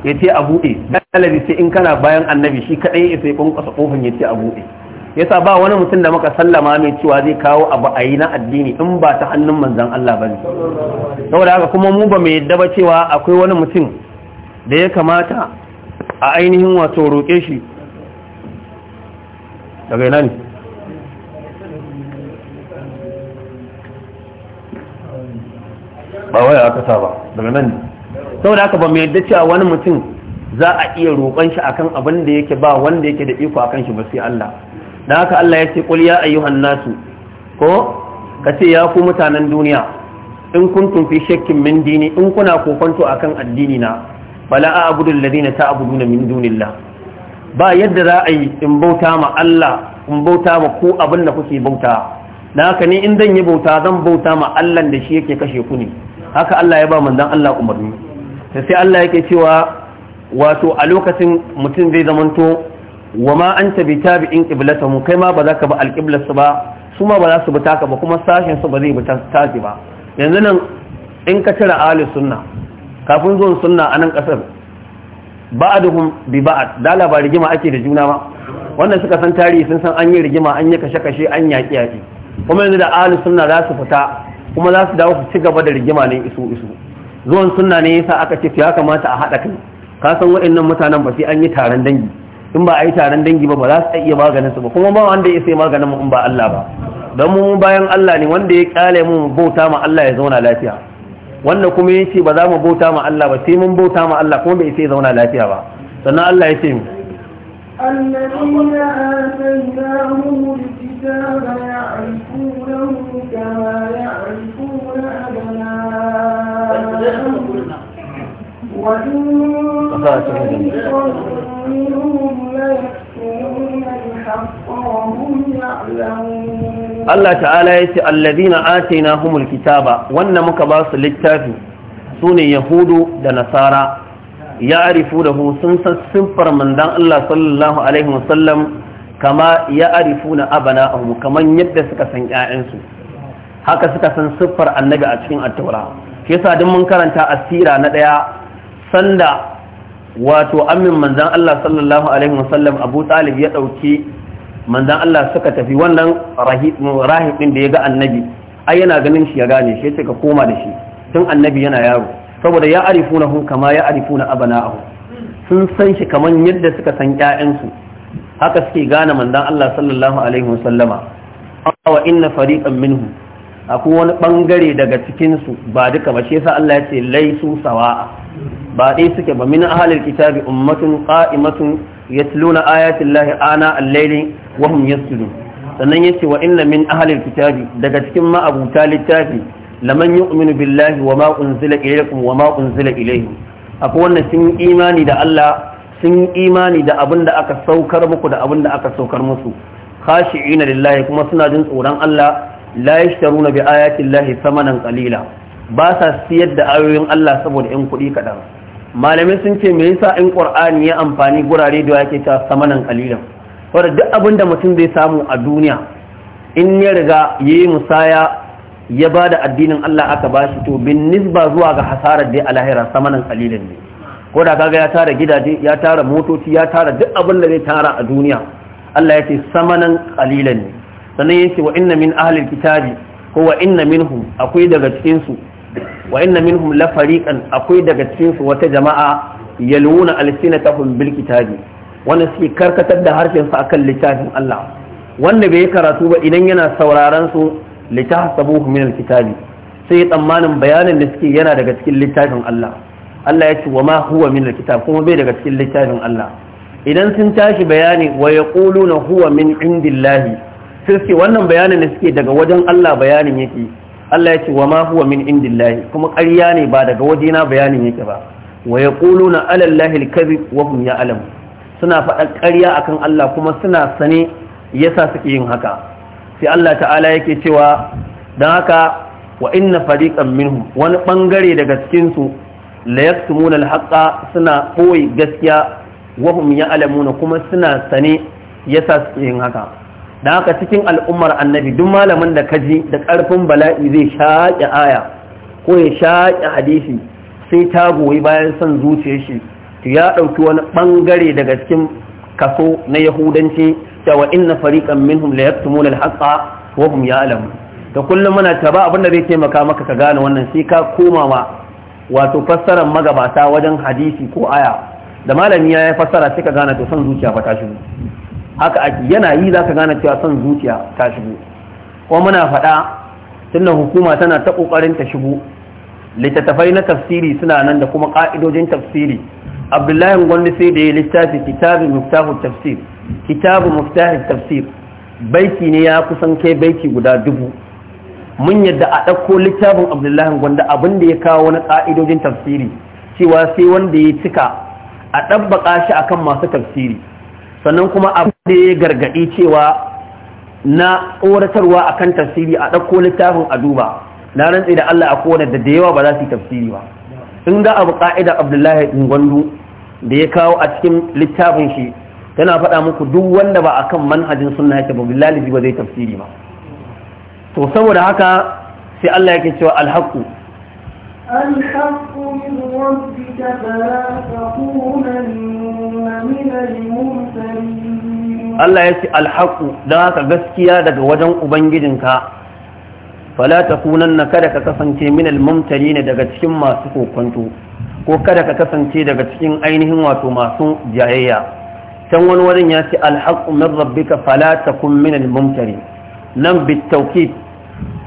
ya ce a buɗe galibi sai in kana bayan annabi shi kaɗai ya isa kun kasa kofin ya ce a buɗe yasa ba wani mutum da muka sallama mai cewa zai kawo abu a yi na addini in ba ta hannun manzan Allah ba ne saboda haka kuma mu ba mai yadda ba cewa akwai wani mutum da ya kamata a ainihin wato roƙe shi daga ina ne ba waya aka sa ba daga nan ne saboda haka ba mai yadda cewa wani mutum za a iya roƙon shi akan abin da yake ba wanda yake da iko akan shi ba sai Allah dan haka Allah ya ce qul ya ayyuhan nasu ko kace ya ku mutanen duniya in kuntum fi shakkin min dini in kuna kokonto akan addini na bala a a'budu alladhina ta'buduna min dunillah ba yadda za a yi in bauta ma Allah in bauta ma ku abin da kuke bauta na haka ne in zan yi bauta zan bauta ma Allah da shi yake kashe ku ne haka Allah ya ba manzon Allah umarni sai Allah yake cewa wato a lokacin mutum zai zamanto wa ma an tabi tabi'in mu kai ma ba za ka ba su ba su ma ba za su bi taka ba kuma sashin su ba zai bi tafi ba yanzu nan in ka tara ahli sunna kafin zuwan sunna a nan kasar ba'aduhum bi ba'ad da la ba rigima ake da juna ma wannan suka san tarihi sun san an yi rigima an yi kashe-kashe an yaƙi yaƙi kuma yanzu da ahli sunna za su fita kuma za su dawo su ci gaba da rigima ne isu isu zuwan sunna ne yasa aka ce ya kamata a haɗa kai ka san waɗannan mutanen ba sai an yi taron dangi in ba a yi taron dangi ba ba za su iya maganin su ba kuma ba wanda ya sai maganin mu in ba Allah ba don mu bayan Allah ne wanda ya kyale mu bauta ma Allah ya zauna lafiya wannan kuma yace ba za mu bauta ma Allah ba sai mun bauta ma Allah kuma bai sai zauna lafiya ba sannan Allah ya ce mu الذين آتيناهم الكتاب يعرفونه كما يعرفون أبناءهم وإن منهم ليكفرون Allah ta'ala ya ce allazina atina humul kitaba wannan muka ba su littafi sune yahudu da nasara ya arifu da hu sun san siffar Mandan Allah sallallahu alaihi wasallam kama ya arifu na abana ahu kaman yadda suka san ƴaƴansu haka suka san siffar annabi a cikin at ke sa duk mun karanta asira na daya sanda wato amin manzan Allah sallallahu alaihi wasallam Abu Talib ya ɗauki manzan Allah suka tafi wannan rahib da ya ga annabi ai yana ganin shi ya gane shi sai ka koma da shi tun annabi yana yaro saboda ya arifunahu kama ya arifuna abana'ahu sun san shi kamar yadda suka san ƴaƴansu haka suke gane manzan Allah sallallahu alaihi wasallama wa inna fariqan Minhu akwai wani bangare daga cikinsu ba duka ba shi yasa Allah ya ce laisu sawa'a ba dai suke ba min ahlil kitabi ummatun qa'imatun yatluna ayatin lahi ana al-layli wa hum yasjudun sannan yace wa inna min ahlil kitabi daga cikin ma'abuta littafi laman yu'minu billahi wa ma unzila ilaykum wa ma unzila ilayhim akwai wannan sun imani da Allah sun imani da abin da aka saukar muku da abin da aka saukar musu khashi'ina lillahi kuma suna jin tsoron Allah la yashtaruna bi ayati samanan thamanan qalila ba sa siyar da ayoyin Allah saboda yan kuɗi kaɗan malamai sun ce me yasa in ƙur'ani ya amfani gurare da yake ta samanan kalilan wadda duk abin da mutum zai samu a duniya in ya riga ya yi musaya ya ba da addinin Allah aka ba shi to bin nisba zuwa ga hasarar da alahira samanan kalilan ne ko da kaga ya tara gidaje ya tara motoci ya tara duk abin da zai tara a duniya Allah ya ce samanan ƙalilan ne sannan ya ce wa inna min ahlil kitabi ko wa inna minhum akwai daga cikinsu? wa inna minhum la fariqan akwai daga cikin su wata jama'a yalwuna alsinatahum bil kitabi wanda suke karkatar da harshen su akan littafin Allah wanda bai karatu ba idan yana sauraron su litahsabuhu min alkitabi sai tsammanin bayanin da suke yana daga cikin littafin Allah Allah ya ce wa ma huwa min alkitab kuma bai daga cikin littafin Allah idan sun tashi bayani wa yaquluna huwa min indillahi sai wannan bayanin da suke daga wajen Allah bayanin yake Allah ya ce wa ma huwa min indillahi kuma ƙarya ne ba daga wajena bayanin yake ba wa yaquluna ala allahi alkazib wa hum suna faɗa ƙarya akan Allah kuma suna sane yasa suke yin haka sai Allah ta'ala yake cewa dan haka wa inna fariqan minhum wani bangare daga cikinsu su la yaktumuna alhaqa suna boye gaskiya wa hum alamuna, kuma suna sane yasa suke yin haka da haka cikin al'ummar annabi duk malamin da kaji da ƙarfin bala'i zai shaƙi aya ko ya shaƙi hadisi sai ta goyi bayan son zuciyar shi to ya ɗauki wani ɓangare daga cikin kaso na yahudanci cewa inna fariqan minhum la yaktumuna al-haqqa wa hum ya'lamun to kullum muna ta ba abin da zai taimaka maka ka gane wannan sai ka komawa wato fassarar magabata wajen hadisi ko aya da malami ya fassara sai ka gane to son zuciya fa ta shigo haka ake yana yi za ka gane cewa son zuciya ta shigo ko muna faɗa tunda hukuma tana ta ƙoƙarin ta shigo littattafai na tafsiri suna nan da kuma ƙa'idojin tafsiri abdullahi gwanda sai da ya littafi kitabu muftahu tafsir kitabu muftahu tafsir baiki ne ya kusan kai baiki guda dubu mun yadda a ɗauko littafin abdullahi gwanda abin da ya kawo wani ƙa'idojin tafsiri cewa sai wanda ya cika a ɗabbaƙa shi akan masu tafsiri sannan kuma abu da ya gargaɗi cewa na tsoratarwa a kan tafsiri a ɗauko littafin a duba na rantse da Allah a kowane da da yawa ba za su yi tafsiri ba in da abu ƙa'idar abdullahi gwandu da ya kawo a cikin littafin shi tana faɗa muku duk wanda ba a kan manhajin sunna yake ba billahi ba zai tafsiri ba to saboda haka sai Allah yake cewa alhaqu الحق من ربك فلا تكونن من المؤمنين Allah ya ce alhaku don haka gaskiya daga wajen ubangijinka fala takunanna kada ka kasance min ne daga cikin masu kokonto ko kada ka kasance daga cikin ainihin wato masu jayayya can wani wajen ya ce alhaku min rabbika fala kun min almumtali nan bitawkid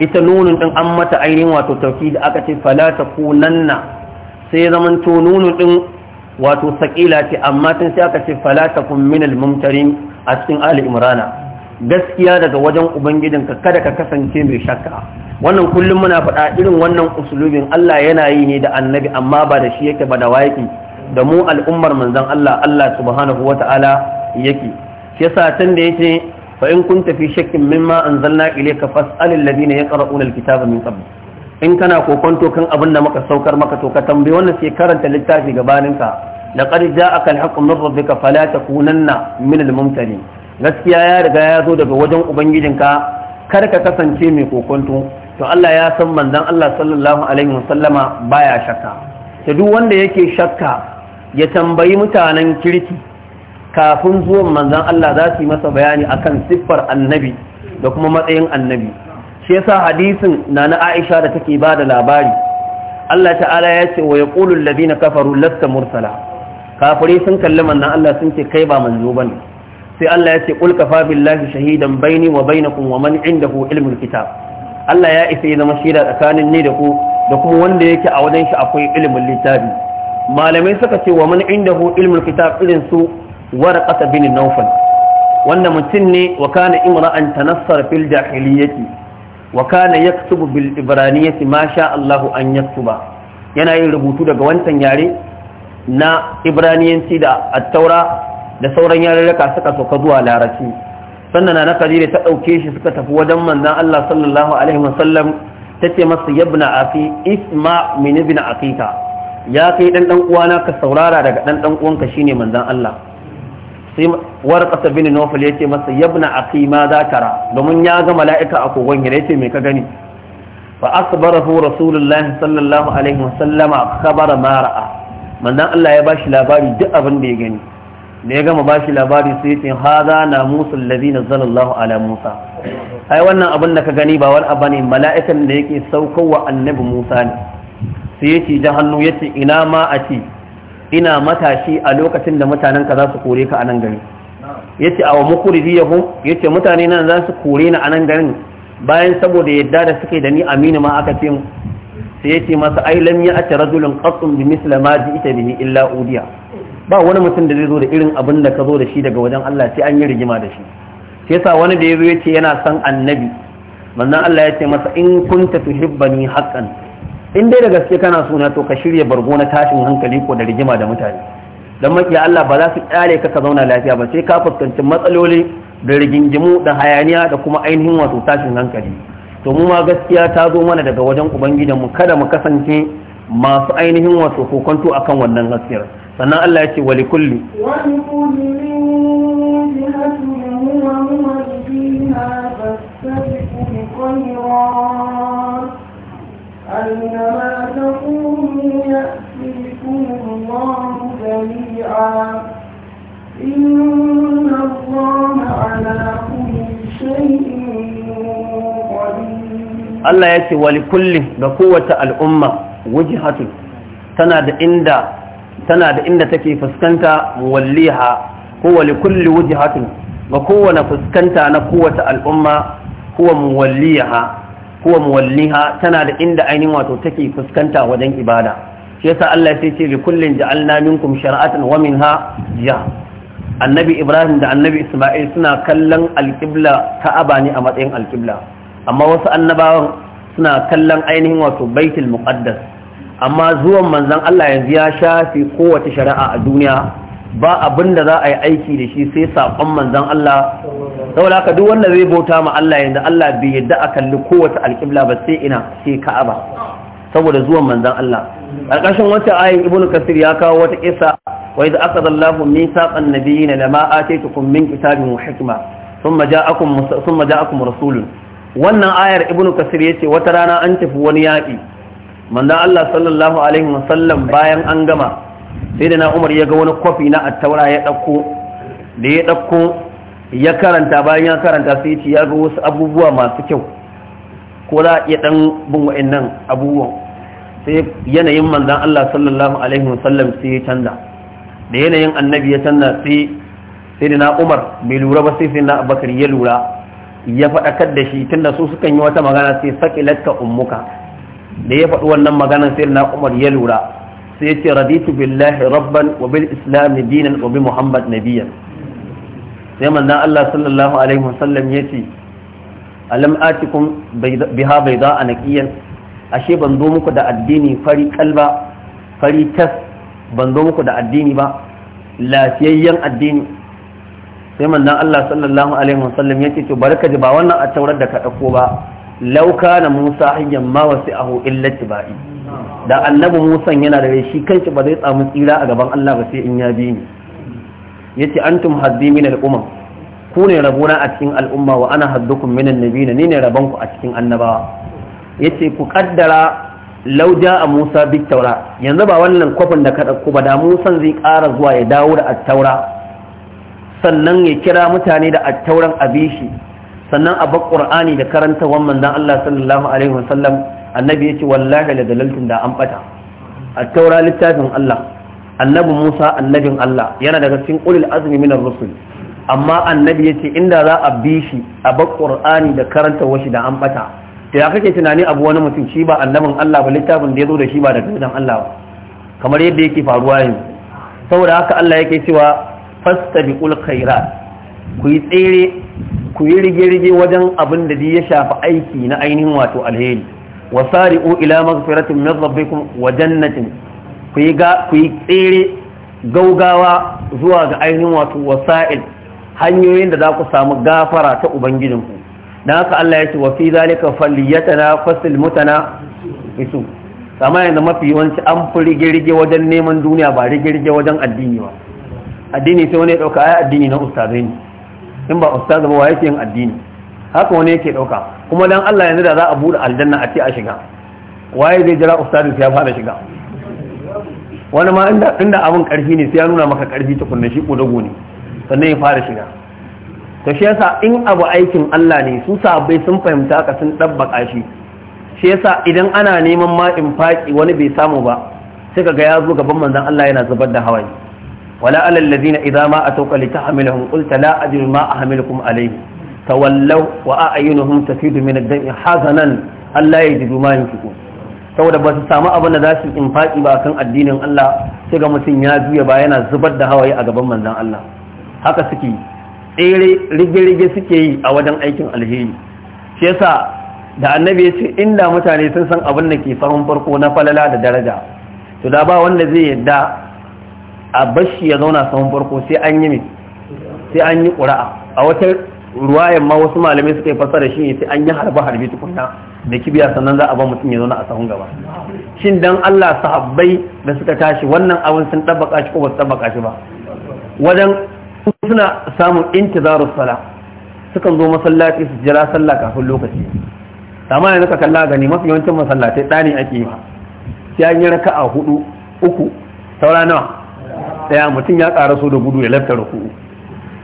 ita nunin din an mata ainihin wato tauki da aka ce fala takunanna sai zamanto nunin din wato sakila ce amma tun sai aka ce fala kun min almumtalin a cikin ali imrana gaskiya daga wajen ubangijinka kada ka kasance mai shakka wannan kullum muna faɗa irin wannan usulubin Allah yana yi ne da annabi amma ba da shi yake ba da waƙi da mu al'ummar manzon Allah Allah subhanahu wata'ala yake shi yasa tun da yake fa in kunta fi shakkin mimma anzalna ilayka fas'al alladhina yaqra'una alkitaba min qabl in kana kokonto kan abin da muka saukar maka to ka tambayi wannan sai karanta littafi gabaninka laqad ja'aka al-haqqu min ka fala takunanna min al gaskiya ya riga ya zo daga wajen ubangijinka kar ka kasance mai kokonto to Allah ya san manzon Allah sallallahu alaihi wasallama baya shakka to duk wanda yake shakka ya tambayi mutanen kirki kafin zuwan manzon Allah za su yi masa bayani akan siffar annabi da kuma matsayin annabi shi yasa hadisin na na Aisha da take ba da labari Allah ta'ala ya ce wa yaqulu alladhina kafaru lasta mursala kafirai sun kalli manzon Allah sun ce kai ba manzo bane sai Allah ya ce qul kafa billahi shahidan baini wa bainakum wa man indahu ilmul kitab Allah ya isa ya zama shaida tsakanin ni da ku da kuma wanda yake a wajen shi akwai ilmul littafi malamai suka ce wa man indahu ilmul kitab irin su warqata bin nawfal wanda mutum ne wa kana imra'an tanassar fil jahiliyyati wa kana yaktubu bil ibraniyati ma sha Allahu an yaktuba yana yin rubutu daga wancan yare na ibraniyanci da attaura da sauran yarurruka suka sauka zuwa larabci sannan na kadira ta ɗauke shi suka tafi wajen manzan Allah sallallahu alaihi wasallam ta ce masa yabna afi isma min ibn aqika ya kai dan dan uwana ka saurara daga dan dan uwanka shine manzan Allah sai warqata bin nawfal yace masa yabna aqi ma za tara domin ya ga mala'ika a kogon ya yace me ka gani fa asbarahu rasulullahi sallallahu alaihi wasallama khabara ma ra'a manzan Allah ya bashi labari duk abin da ya gani da ya gama bashi labari sai ce haza na musu allazi nazzalallahu ala musa ai wannan abin da ka gani ba wani abu ne mala'ikan da yake wa annabi musa ne sai ya ce hannu ya ce ina ma a ce ina matashi a lokacin da mutanen ka za su kore ka a nan gari ya ce a wa mukuriji yahu ya ce mutane nan za su kore ni a nan garin bayan saboda yadda da suke da ni aminu ma aka ce sai yace masa ai lam ya'ti rajulun qasum bi misla ma ita bihi illa udiya ba wani mutum da zai zo da irin abin da ka zo da shi daga wajen Allah sai an yi rigima da shi sai yasa wani da ya yazo yace yana san annabi manzon Allah yace masa in kunta tuhibbani haqqan in dai da gaske kana na to ka shirya bargo na tashin hankali ko da rigima da mutane dan makiya Allah ba za su kare ka ka zauna lafiya ba sai ka fuskanci matsaloli da rigingimu da hayaniya da kuma ainihin wato tashin hankali to mu ma gaskiya ta zo mana daga wajen ubangidanmu kada mu kasance masu ainihin wato kokonto akan wannan gaskiyar sannan Allah ya ce wali kulli إن الله على كل شيء Allah ya ce wali kullum ga kowace al'umma wajihatu tana tana da inda take fuskanta walliha ko wali kulli wajihatu ga kowane fuskanta na kowace al'umma huwa muwalliha huwa muwalliha tana da inda ainihin wato take fuskanta wajen ibada shi yasa Allah ya ce li kullin ja'alna minkum shar'atan wa minha ja annabi Ibrahim da annabi Isma'il suna kallon alkibla Ka'aba ne a matsayin alkibla. amma wasu annabawan suna kallon ainihin wato baitul muqaddas amma zuwan manzon Allah yanzu ya shafi kowace shari'a a duniya ba abinda za a yi aiki da shi sai saƙon manzan Allah saboda haka duk wanda zai bauta ma Allah yanzu Allah bai yadda a kalli kowace alƙibla ba sai ina sai Ka'aba saboda zuwan manzan Allah ƙarƙashin wata ayin ibnu Kasir ya kawo wata kisa wa idza akhadha Allahu mithaqan nabiyina lama ataytukum min kitabin wa hikma thumma ja'akum thumma ja'akum rasulun wannan ayar ibn kasir yace wata rana an tafi wani yaƙi manzon Allah sallallahu alaihi wasallam bayan an gama sai da na Umar ya ga wani kofi na taura ya dauko da ya dauko ya karanta bayan ya karanta sai ya ga wasu abubuwa masu kyau ko za ya dan bin wa'annan abubuwan sai yanayin manzon Allah sallallahu alaihi wasallam sai ya canza da yanayin annabi ya canza sai sai da na Umar bai lura ba sai sai na Abubakar ya lura ya faɗakar da shi tunda su sukan yi wata magana sai sakilatka ummuka da ya faɗi wannan magana sai na umar ya lura sai ya ce raditu billahi rabban wa bil islam dinan wa bi muhammad nabiyan sai manzon Allah sallallahu alaihi wasallam ya ce alam atikum biha bayda anaqiyan ashe ban zo muku da addini fari kalba fari tas ban zo muku da addini ba lafiyayyen addini sai manzon Allah sallallahu alaihi wasallam yace to barka ji ba wannan a taurar da ka dauko ba lauka na Musa hayyan ma wasi'ahu illa tibai da annabi Musa yana da shi kanshi ba zai samu tsira a gaban Allah ba sai in ya bi ni yace antum haddi al-umam ku ne rabona a cikin al'umma wa ana haddukum min annabiyina ni ne rabon ku a cikin annabawa yace ku kaddara lauja a musa bi taura yanzu ba wannan kwafin da ka ɗauko ba da musan zai ƙara zuwa ya dawo da attaura sannan ya kira mutane da attauran abishi sannan a bar qur'ani da karanta wannan dan Allah sallallahu alaihi wasallam annabi yace wallahi la dalaltun da an bata attaura littafin Allah annabi Musa annabin Allah yana daga cikin ulil azmi minar rusul amma annabi yace inda za a bishi shi a bar qur'ani da karanta washi da an bata da ya kake tunani abu wani mutum shi ba annabin Allah ba littafin da ya zo da shi ba daga gidan Allah ba kamar yadda yake faruwa yanzu saboda haka Allah yake cewa fastabiqul khairat ku yi tsere ku yi rige-rige wajen abin da ya shafi aiki na ainihin wato alheri wa sari'u ila maghfiratin min rabbikum wa jannatin ku yi ga ku yi tsere gaugawa zuwa ga ainihin wato wasa'il hanyoyin da za ku samu gafara ta ubangijinku dan haka Allah ya ce wa fi zalika falyatana fasil mutana isu kama yanzu mafi yawanci an fi rige-rige wajen neman duniya ba rige-rige wajen addini ba addini sai wani ya dauka ai addini na ustazai ne in ba ustaz ba yake yin addini haka wani yake dauka kuma dan Allah yanzu da za a bude aljanna a ce a shiga waye zai jira ustaz ya fara shiga wani ma inda inda abin karfi ne sai ya nuna maka karfi tukunna shi kodago ne sannan ya fara shiga to shi yasa in abu aikin Allah ne su sabai sun fahimta ka sun dabbaka shi shi yasa idan ana neman ma in faƙi wani bai samu ba sai ka ya zo gaban manzon Allah yana zubar da hawaye ولا على الذين إذا ما أتوك لتحملهم قلت لا أدري ما أحملكم عليه تولوا وأعينهم تفيد من الدم حزنا ألا يجدوا ما ينفقون saboda ba su samu abin da za su infaki ba kan addinin Allah sai ga mutum ya juya ba yana zubar da hawaye a gaban manzon Allah haka suke tsere rige-rige suke yi a wajen aikin alheri shi yasa da annabi ya ce inda mutane sun san abin da ke farin farko na falala da daraja to da ba wanda zai yadda a bashi ya zauna sahun farko sai an yi sai an yi ƙura'a a wata ruwayan ma wasu malamai suka yi da shi ne sai an yi harbe harbe tukunna da kibiya sannan za a ba mutum ya zauna a sahun gaba shin dan Allah sahabbai da suka tashi wannan abin sun tabbaka shi ko ba su tabbaka shi ba wajen suna samun intizaru sala sukan zo masallaci su jira sallah kafin lokaci amma yanzu ka kalla gani mafi yawancin masallatai ɗani ake yi sai an yi raka'a hudu uku saura nawa daya mutum ya ƙara so da gudu ya lafta ruku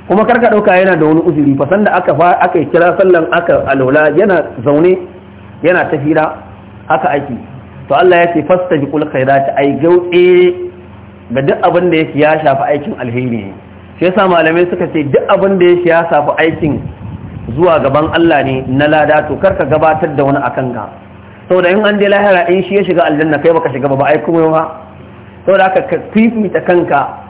kuma karka ɗauka yana da wani uzuri fasan da aka aka kira sallan aka alwala yana zaune yana tafira haka aiki to Allah ya ce fastajiqul khairati ai gautse ga duk abin da yake ya shafi aikin alheri ne yasa malamai suka ce duk abin da yake ya shafi aikin zuwa gaban Allah ne na lada to karka gabatar da wani akan ga saboda in an je lahira in shi ya shiga aljanna kai baka shiga ba ai kuma ba saboda haka ka fifita kanka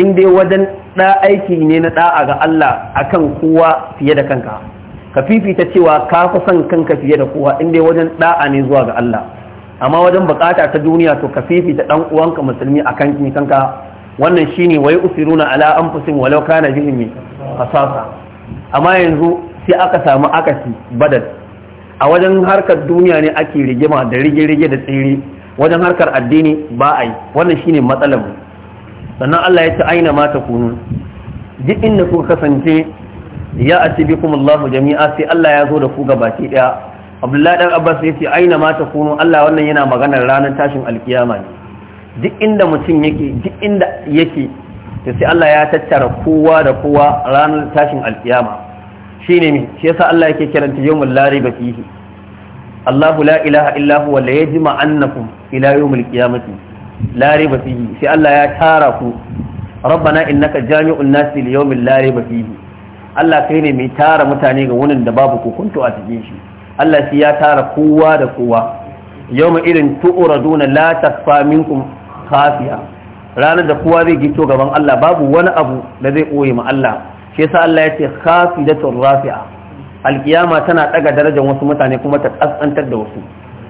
in dai wajen ɗa aiki ne na ɗa'a ga Allah akan kowa fiye da kanka ka fifita cewa ka fi son kanka fiye da kowa in dai wajen ɗa'a ne zuwa ga Allah amma wajen bukata ta duniya to ka fifita ɗan uwanka musulmi akan kanka wannan shine wai usiruna ala anfusihim walau kana bihim fasasa amma yanzu sai aka samu akasi badal a wajen harkar duniya ne ake rigima da rige-rige da tsere wajen harkar addini ba a yi wannan shine matsalar mu sannan Allah ya ce aina ma ta kunu duk inda kuka kasance ya ati bikum Allahu jami'a sai Allah ya zo da ku gabaki daya Abdullahi dan Abbas ya ce aina ma ta kunu Allah wannan yana maganar ranar tashin alkiyama ne duk inda mutum yake duk inda yake to sai Allah ya tattara kowa da kowa ranar tashin alkiyama shine me shi yasa Allah yake kiranta yawmul lariba fihi Allahu la ilaha illa huwa la yajma annakum ila yawmil ya tara ku rabbana innaka jami'un nasi li yawmin Allah kai ne mai tara mutane ga wunin da babu kokunto a cikin shi Allah sai ya tara kowa da kowa irin tu'raduna na takfa minkum ranar da kowa zai gito gaban Allah babu wani abu da zai ɓoye ma Allah shi yasa Allah ya ce da rafi'a alkiyama tana daga darajar wasu mutane kuma ta kasantar da wasu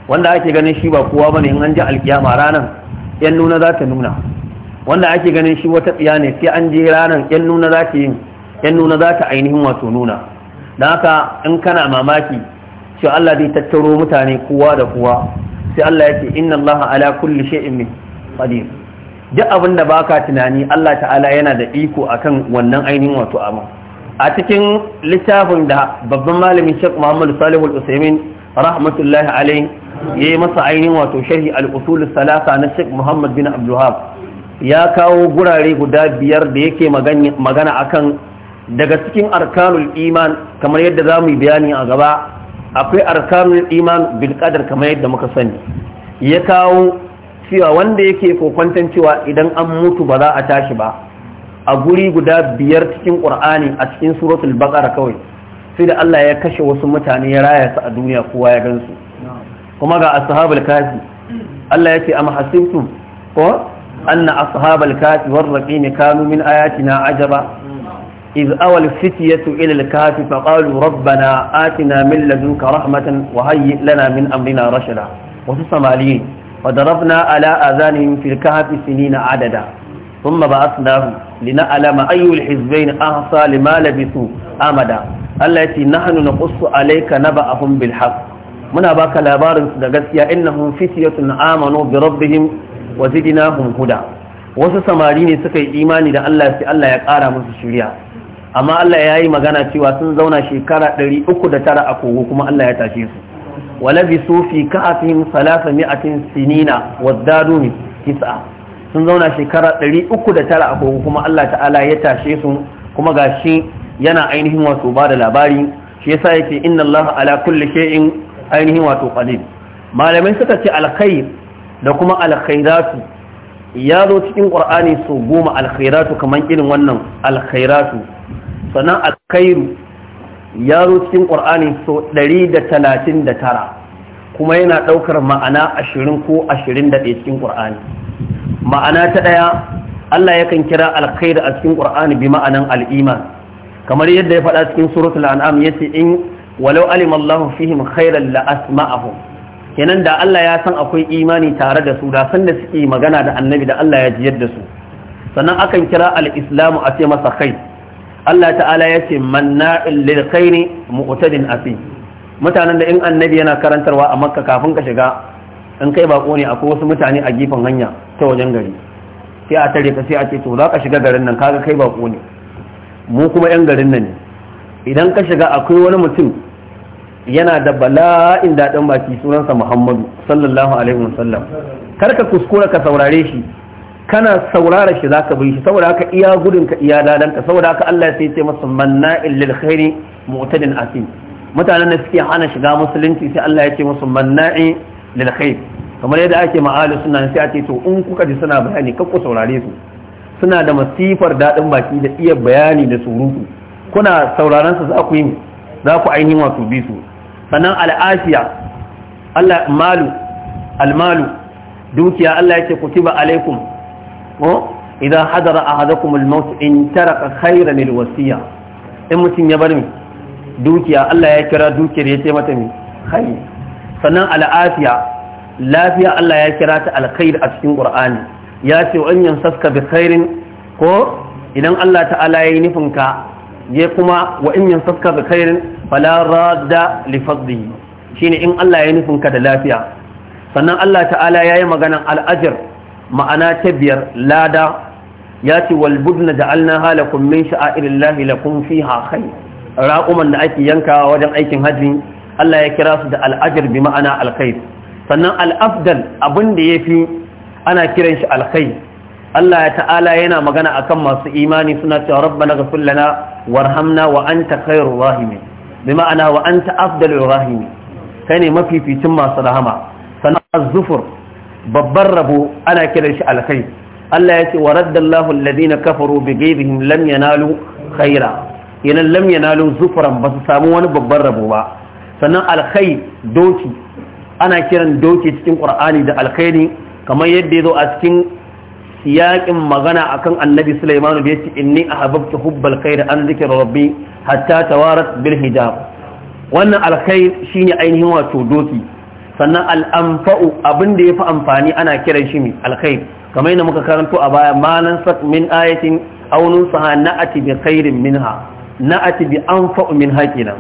wanda ake ganin shi ba kowa bane in an ji alkiyama ranan yan nuna za ta nuna wanda ake ganin shi wata tsiya ne sai an je ranan yan nuna za ta yin yan nuna za ta ainihin wato nuna don haka in kana mamaki shi Allah zai tattaro mutane kowa da kowa sai Allah ya ce inna Allah ala kulli shay'in min qadir duk abin da baka tunani Allah ta'ala yana da iko akan wannan ainihin wato abin a cikin littafin da babban malamin Sheikh Muhammad Salihu Al-Usaimin rahmatullahi alayhi yayi masa ainihin wato sharhi al-usul salasa na Sheikh Muhammad bin Abdul ya kawo gurare guda biyar da yake magana akan daga cikin arkanul iman kamar yadda za mu yi bayani a gaba akwai arkanul iman bil qadar kamar yadda muka sani ya kawo cewa wanda yake kokwantan cewa idan an mutu ba za a tashi ba a guri guda biyar cikin ƙur'ani a cikin suratul baqara kawai sai da Allah ya kashe wasu mutane ya raya su a duniya kowa ya gansu kuma ga ashabul kafi Allah yake am hasibtum ko anna ashabul kafi war raqim kanu min ayatina ajaba iz awal fitiyatu ila al kafi fa qalu rabbana atina min ladunka rahmatan wa hayyi lana min amrina wasu وضربنا على آذانهم في الكهف سنين عددا ثم بعثناه لنعلم أي الحزبين أحصى لما لبثوا أمدا التي نحن نقص عليك نبأهم بالحق منا gaskiya لابارن سدقسيا إنهم فتية آمنوا بربهم وزدناهم هدى wasu samari ne suka yi imani da Allah sai Allah ya ƙara musu shirya amma Allah ya yi magana cewa sun zauna shekara tara a kogo kuma Allah ya tashe su walabi sufi ka'afihim salasa mi'atin sinina waddadu tis'a sun zauna shekara 309 a kogo kuma Allah ta'ala ya tashe su kuma ga shi yana ainihin wato ba da labari shi yasa yake inna Allah ala kulli shay'in ainihin wato qadir malamai suka ce alkhair da kuma alkhairatu ya zo cikin qur'ani su goma alkhairatu kamar irin wannan alkhairatu sannan alkhairu ya zo cikin qur'ani da 139 kuma yana ɗaukar ma'ana 20 ko 21 cikin Kur'ani. ma'ana ta ɗaya Allah yakan kira alkhairu a cikin Qur'ani bi ma'anan al-iman kamar yadda ya faɗa cikin suratul an'am yace in walau alim Allahu fihim khairan la asma'ahum kenan da Allah ya san akwai imani tare da su da san da suke magana da annabi da Allah ya ji yadda su sannan akan kira al islam a ce masa khair Allah ta'ala ya ce manna'il lil khairi mu'tadin asi mutanen da in annabi yana karantarwa a makka kafin ka shiga in kai bako ne akwai wasu mutane a gefen hanya ta wajen gari sai a tare ka sai a ce to za ka shiga garin nan kaga kai bako ne mu kuma yan garin nan ne idan ka shiga akwai wani mutum yana da bala'in daɗin baki sunansa muhammadu sallallahu alaihi wasallam kar ka kuskura ka saurare shi kana saurara shi zaka bi shi saboda ka iya gudun ka iya dadan ka saboda ka Allah sai ce masa manna'il lil khairi mu'tadin asim mutanen da suke hana shiga musulunci sai Allah ya ce musu manna'in lil kamar yadda ake ma'ali suna sai ake to in kuka ji suna bayani kan ku saurare su suna da masifar daɗin baki da iya bayani da surutu kuna sauraron su za ku yi za ku ainihin wato bi su sannan al'afiya Allah malu almalu dukiya Allah yake kutiba alaikum ko idan hadara ahadakum al in taraka khayran al-wasiya in mutun ya bar mi dukiya Allah ya kira dukiyar ya ce mata mi khayr sannan al'afiya lafiya Allah ya kira ta alkhair a cikin Qur'ani ya ce an yansaska bi khairin ko idan Allah ta'ala yayi nufin ka kuma wa in yansaska bi khairin fala radda li fadlihi shine in Allah ya nufin ka da lafiya sannan Allah ta'ala yayi maganan al'ajr ma'ana ta biyar lada ya ce wal budna ja'alnaha lakum min sha'airillahi lakum fiha khair raquman da ake yankawa wajen aikin hajji Allah ya kira su da al'ajir bi ma'ana alkhair sannan al'afdal abin da ya fi ana kiran shi alkhair Allah ta'ala yana magana akan masu imani suna cewa rabbana ghfir lana warhamna wa anta khairur rahimin bi ma'ana wa anta afdalur kai ne mafificin masu rahama sannan az-zufur babbar rabo ana kiran shi alkhair Allah ya ce wa raddallahu alladhina kafaru bi ghayrihim lam yanalu khaira idan lam yanalu zufran ba su samu wani babban rabo ba sannan alkhair doki ana kiran doki cikin qur'ani da alkhairi kamar yadda ya zo a cikin siyaƙin magana akan annabi sulaimanu da ya a inni ahabbtu hubbal khair an zikra rabbi hatta tawarat bil hijab wannan alkhair shine ainihin wato doki sannan al'amfa'u abinda ya fi amfani ana kiran shi mai alkhair kamar yadda muka karanto a baya malan sak min ayatin aunin saha na'ati bi khairin minha na'ati bi anfa'u min haƙina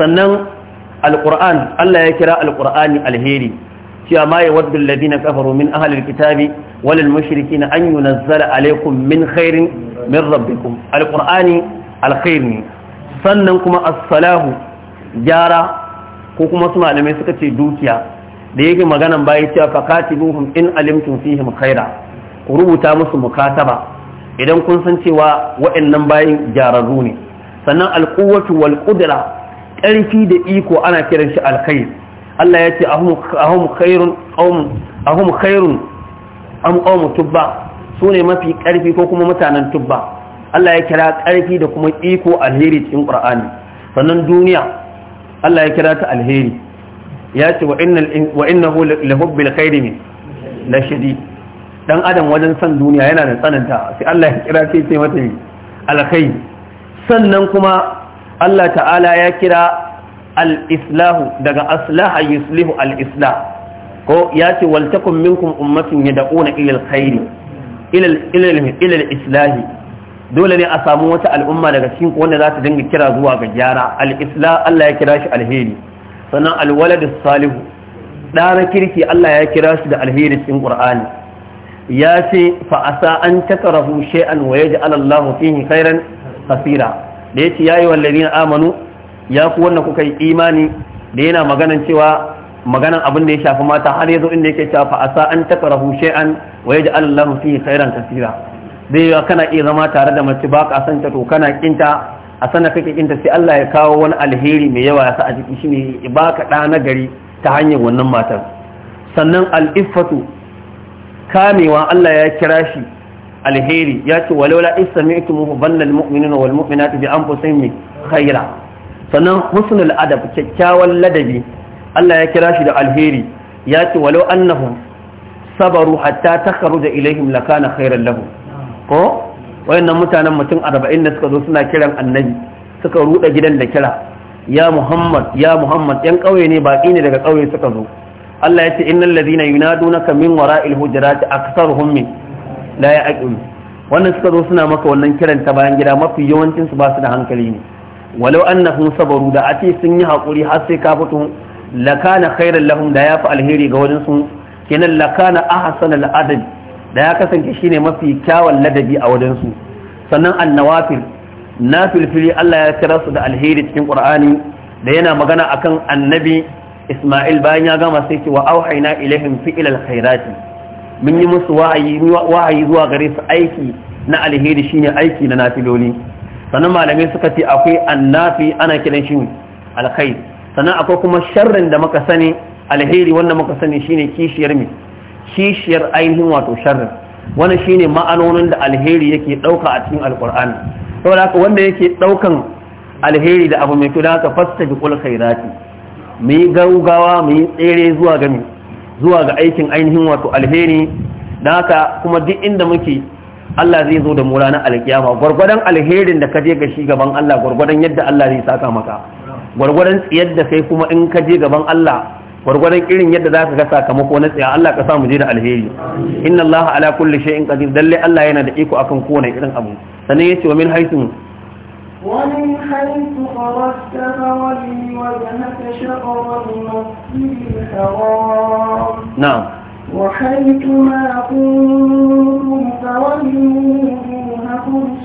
sannan Alƙur'an Allah ya kira alqurani alheri cewa ma yawaddu alladhina kafaru min ahli alkitabi wal mushrikina an yunzala alaykum min khairin min rabbikum alqurani alkhair ne sannan kuma as-salahu gyara ko kuma su malamai suka ce dukiya da yake maganar baya cewa fakatibuhum in alimtum fihim khaira ku rubuta musu mukataba idan kun san cewa waɗannan bayan gyararru ne sannan alquwwatu wal qudra ƙarfi da iko ana kiran shi alkhair Allah ya ce ahum khairun am qaumu tubba sune mafi ƙarfi ko kuma mutanen tubba Allah ya kira ƙarfi da kuma iko alheri cikin Qur'ani sannan duniya Allah ya kira ta alheri ya ce wa innal wa innahu lahubbil khairi min la shadid dan adam wajen san duniya yana da tsananta sai Allah ya kira sai ce mata alkhair sannan kuma Allah ta'ala ya kira al daga aslaha yuslihu al-islah ko ya ce waltakun minkum ummatin ya ila al-khairi ila islahi dole ne a samu wata al'umma daga cikin wanda za ta dinga kira zuwa ga gyara al-islah Allah ya kira shi alheri sannan al salihu salih da na kirki Allah ya kira shi da alheri cikin Qur'ani ya ce fa asa an takrahu shay'an wa yaj'al Allahu fihi khairan kasira da yi yayi na amanu ya ku wannan kuka yi imani da yana maganan cewa maganan abin da ya shafi mata har yazo inda yake cewa fa asa an takrahu shay'an wa yaj'al Allahu fi khairan kaseera dai ya kana iya zama tare da mace ba ka san ta to kana kinta a sanar kake kinta sai Allah ya kawo wani alheri mai yawa ya sa a jiki shine ba ka da na gari ta hanyar wannan matar sannan al-iffatu kamewa Allah ya kira shi alheri ya ce walaula in sami'tumu banna almu'minuna wal mu'minatu bi anfusihim khaira sannan husnul adab kyakkyawan ladabi Allah ya kira shi da alheri ya ce walau annahum sabaru hatta takharuja ilaihim lakana khairan lahum ko wayannan mutanen mutum 40 da suka zo suna kiran annabi suka ruda gidan da kira ya muhammad ya muhammad yan kauye ne baki ne daga kauye suka zo Allah ya ce innal ladina yunadunaka min wara'il hujurati aktharuhum min da ya aqilu wannan suka zo suna maka wannan kiran ta bayan gida mafi yawancin su ba su da hankali ne walau annahum sabaru da ake sun yi hakuri har sai ka fito lakana khairan lahum da fi alheri ga wajen su kenan lakana ahsan al'adab da ya kasance shine mafi kyawun ladabi a wajen su sannan annawafil nafil Allah ya kira su da alheri cikin Qur'ani da yana magana akan annabi Isma'il bayan ya gama sai ce wa auhayna ilaihim fi'ilal khairati mun yi musu wahayi zuwa gare su aiki na alheri shine aiki na nafiloli sannan malamai suka ce akwai annafi ana kiran shi alkhair sannan akwai kuma sharrin da muka sani alheri wanda muka sani shine kishiyar mi kishiyar ainihin wato sharrin Wani shine ma'anonin da alheri yake dauka a cikin alqur'ani saboda haka wanda yake daukan alheri da abu mai kyau da haka fastabiqul khairati mu yi gaugawa mu yi tsere zuwa ga zuwa ga aikin ainihin wato alheri da haka kuma duk inda muke Allah zai zo da mu ranar alkiyama gwargwadon alherin da ka je ga shi gaban Allah gwargwadon yadda Allah zai saka maka gwargwadon tsiyar da kai kuma in ka je gaban Allah gwargwadon irin yadda za ka ga sakamako na tsaya Allah ka sa mu je da alheri inna Allah ala kulli shay'in qadir dalle Allah yana da iko akan kowane irin abu sannan yace wa min haythu ومن حيث خرجت فولي وجهك شطر المسجد الحرام نعم وحيث ما كنتم فولوا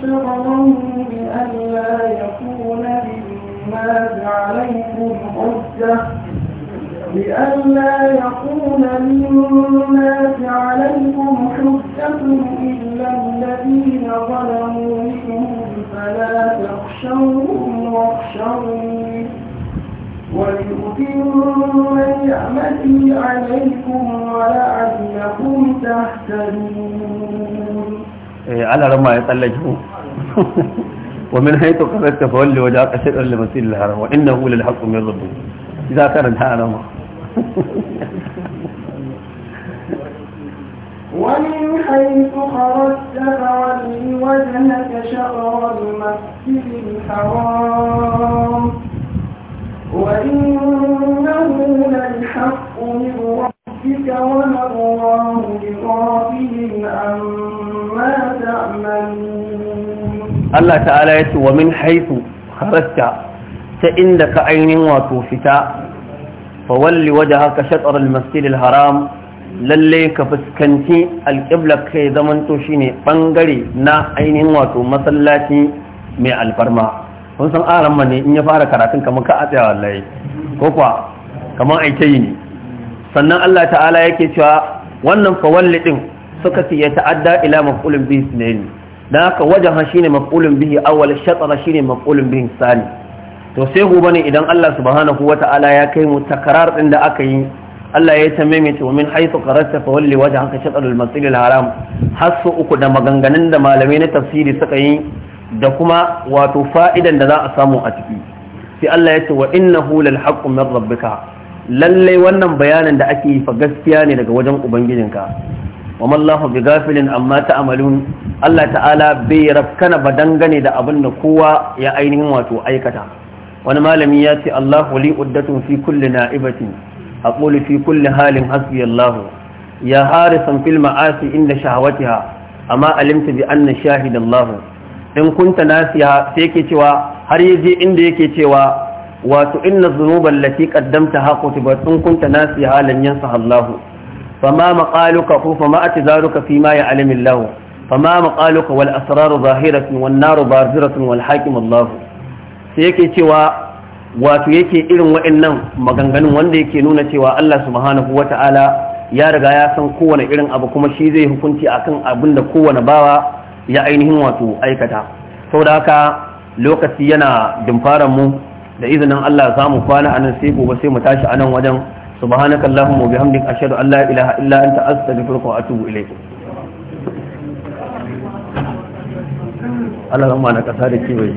وجوهكم لئلا يكون للناس عليكم حجة لئلا يكون للناس عليكم حجة إلا الذين ظلموا منهم فلا تخشوهم واخشوني ولأتم نعمتي عليكم ولعلكم تهتدون إيه، على رمى يتلجه ومن حيث قصدت فولي وجاءك شيئا لمسير الحرم وإنه للحق من ربه إذا كان الحال ومن حيث خرجت فولي وجهك شطر المسجد الحرام وإنه للحق من ربك وما الله بغافل عما تعملون الله تعالى يقول ومن حيث خرجت فإنك عين وتوفتا فولي وجهك شطر المسجد الحرام lalle ka fuskanci alƙibla kai zamanto shine ɓangare na ainihin wato masallaci mai alfarma kun san aran ne in ya fara karatun kamar ka atsaya wallahi ko kuwa kamar aike yi ne sannan Allah ta'ala yake cewa wannan fawalli din suka ce ya ta'adda ila maf'ulun bihi sunayn dan haka shi ne maf'ulun bihi awwal shatara ne maf'ulun bihi sani to sai gobe ne idan Allah subhanahu ta'ala ya kai mu takarar din da aka yi Allah ya tambaye ta min haythu qarasta fa walli wajhaka haka al-masjid al-haram su uku da maganganun da malamai na tafsiri suka yi da kuma wato fa'idan da za a samu a ciki sai Allah ya ce wa innahu lal haƙƙun min rabbika wannan bayanin da ake yi fa gaskiya ne daga wajen ubangijinka wa mallahu bi ghafilin amma ta'malun Allah ta'ala bai rafkana ba dangane da abin da kowa ya ainihin wato aikata wani malami ya ce Allahu wali uddatun fi kulli na'ibatin أقول في كل حال حسبي الله يا حارسا في المعاصي عند شهوتها أما علمت بأن شاهد الله إن كنت ناسيها سيكي توا هر يجي إن ديكي توا واتو إن الذنوب التي قدمتها كتبت إن كنت ناسيها لن ينصح الله فما مقالك فما اعتذارك فيما يعلم الله فما مقالك والأسرار ظاهرة والنار بارزرة والحاكم الله سيكي توا wato yake irin wa'annan maganganun wanda yake nuna cewa Allah subhanahu wata'ala ya riga ya san kowane irin abu kuma shi zai hukunci akan abin da kowane bawa ya ainihin wato aikata saboda haka lokaci yana dimfaran mu da izinin Allah za mu kwana anan sai gobe sai mu tashi anan wajen subhanaka allahumma bihamdika ashhadu an la ilaha illa anta astaghfiruka wa atubu ilayk Allah rahmana kasa da kiwaye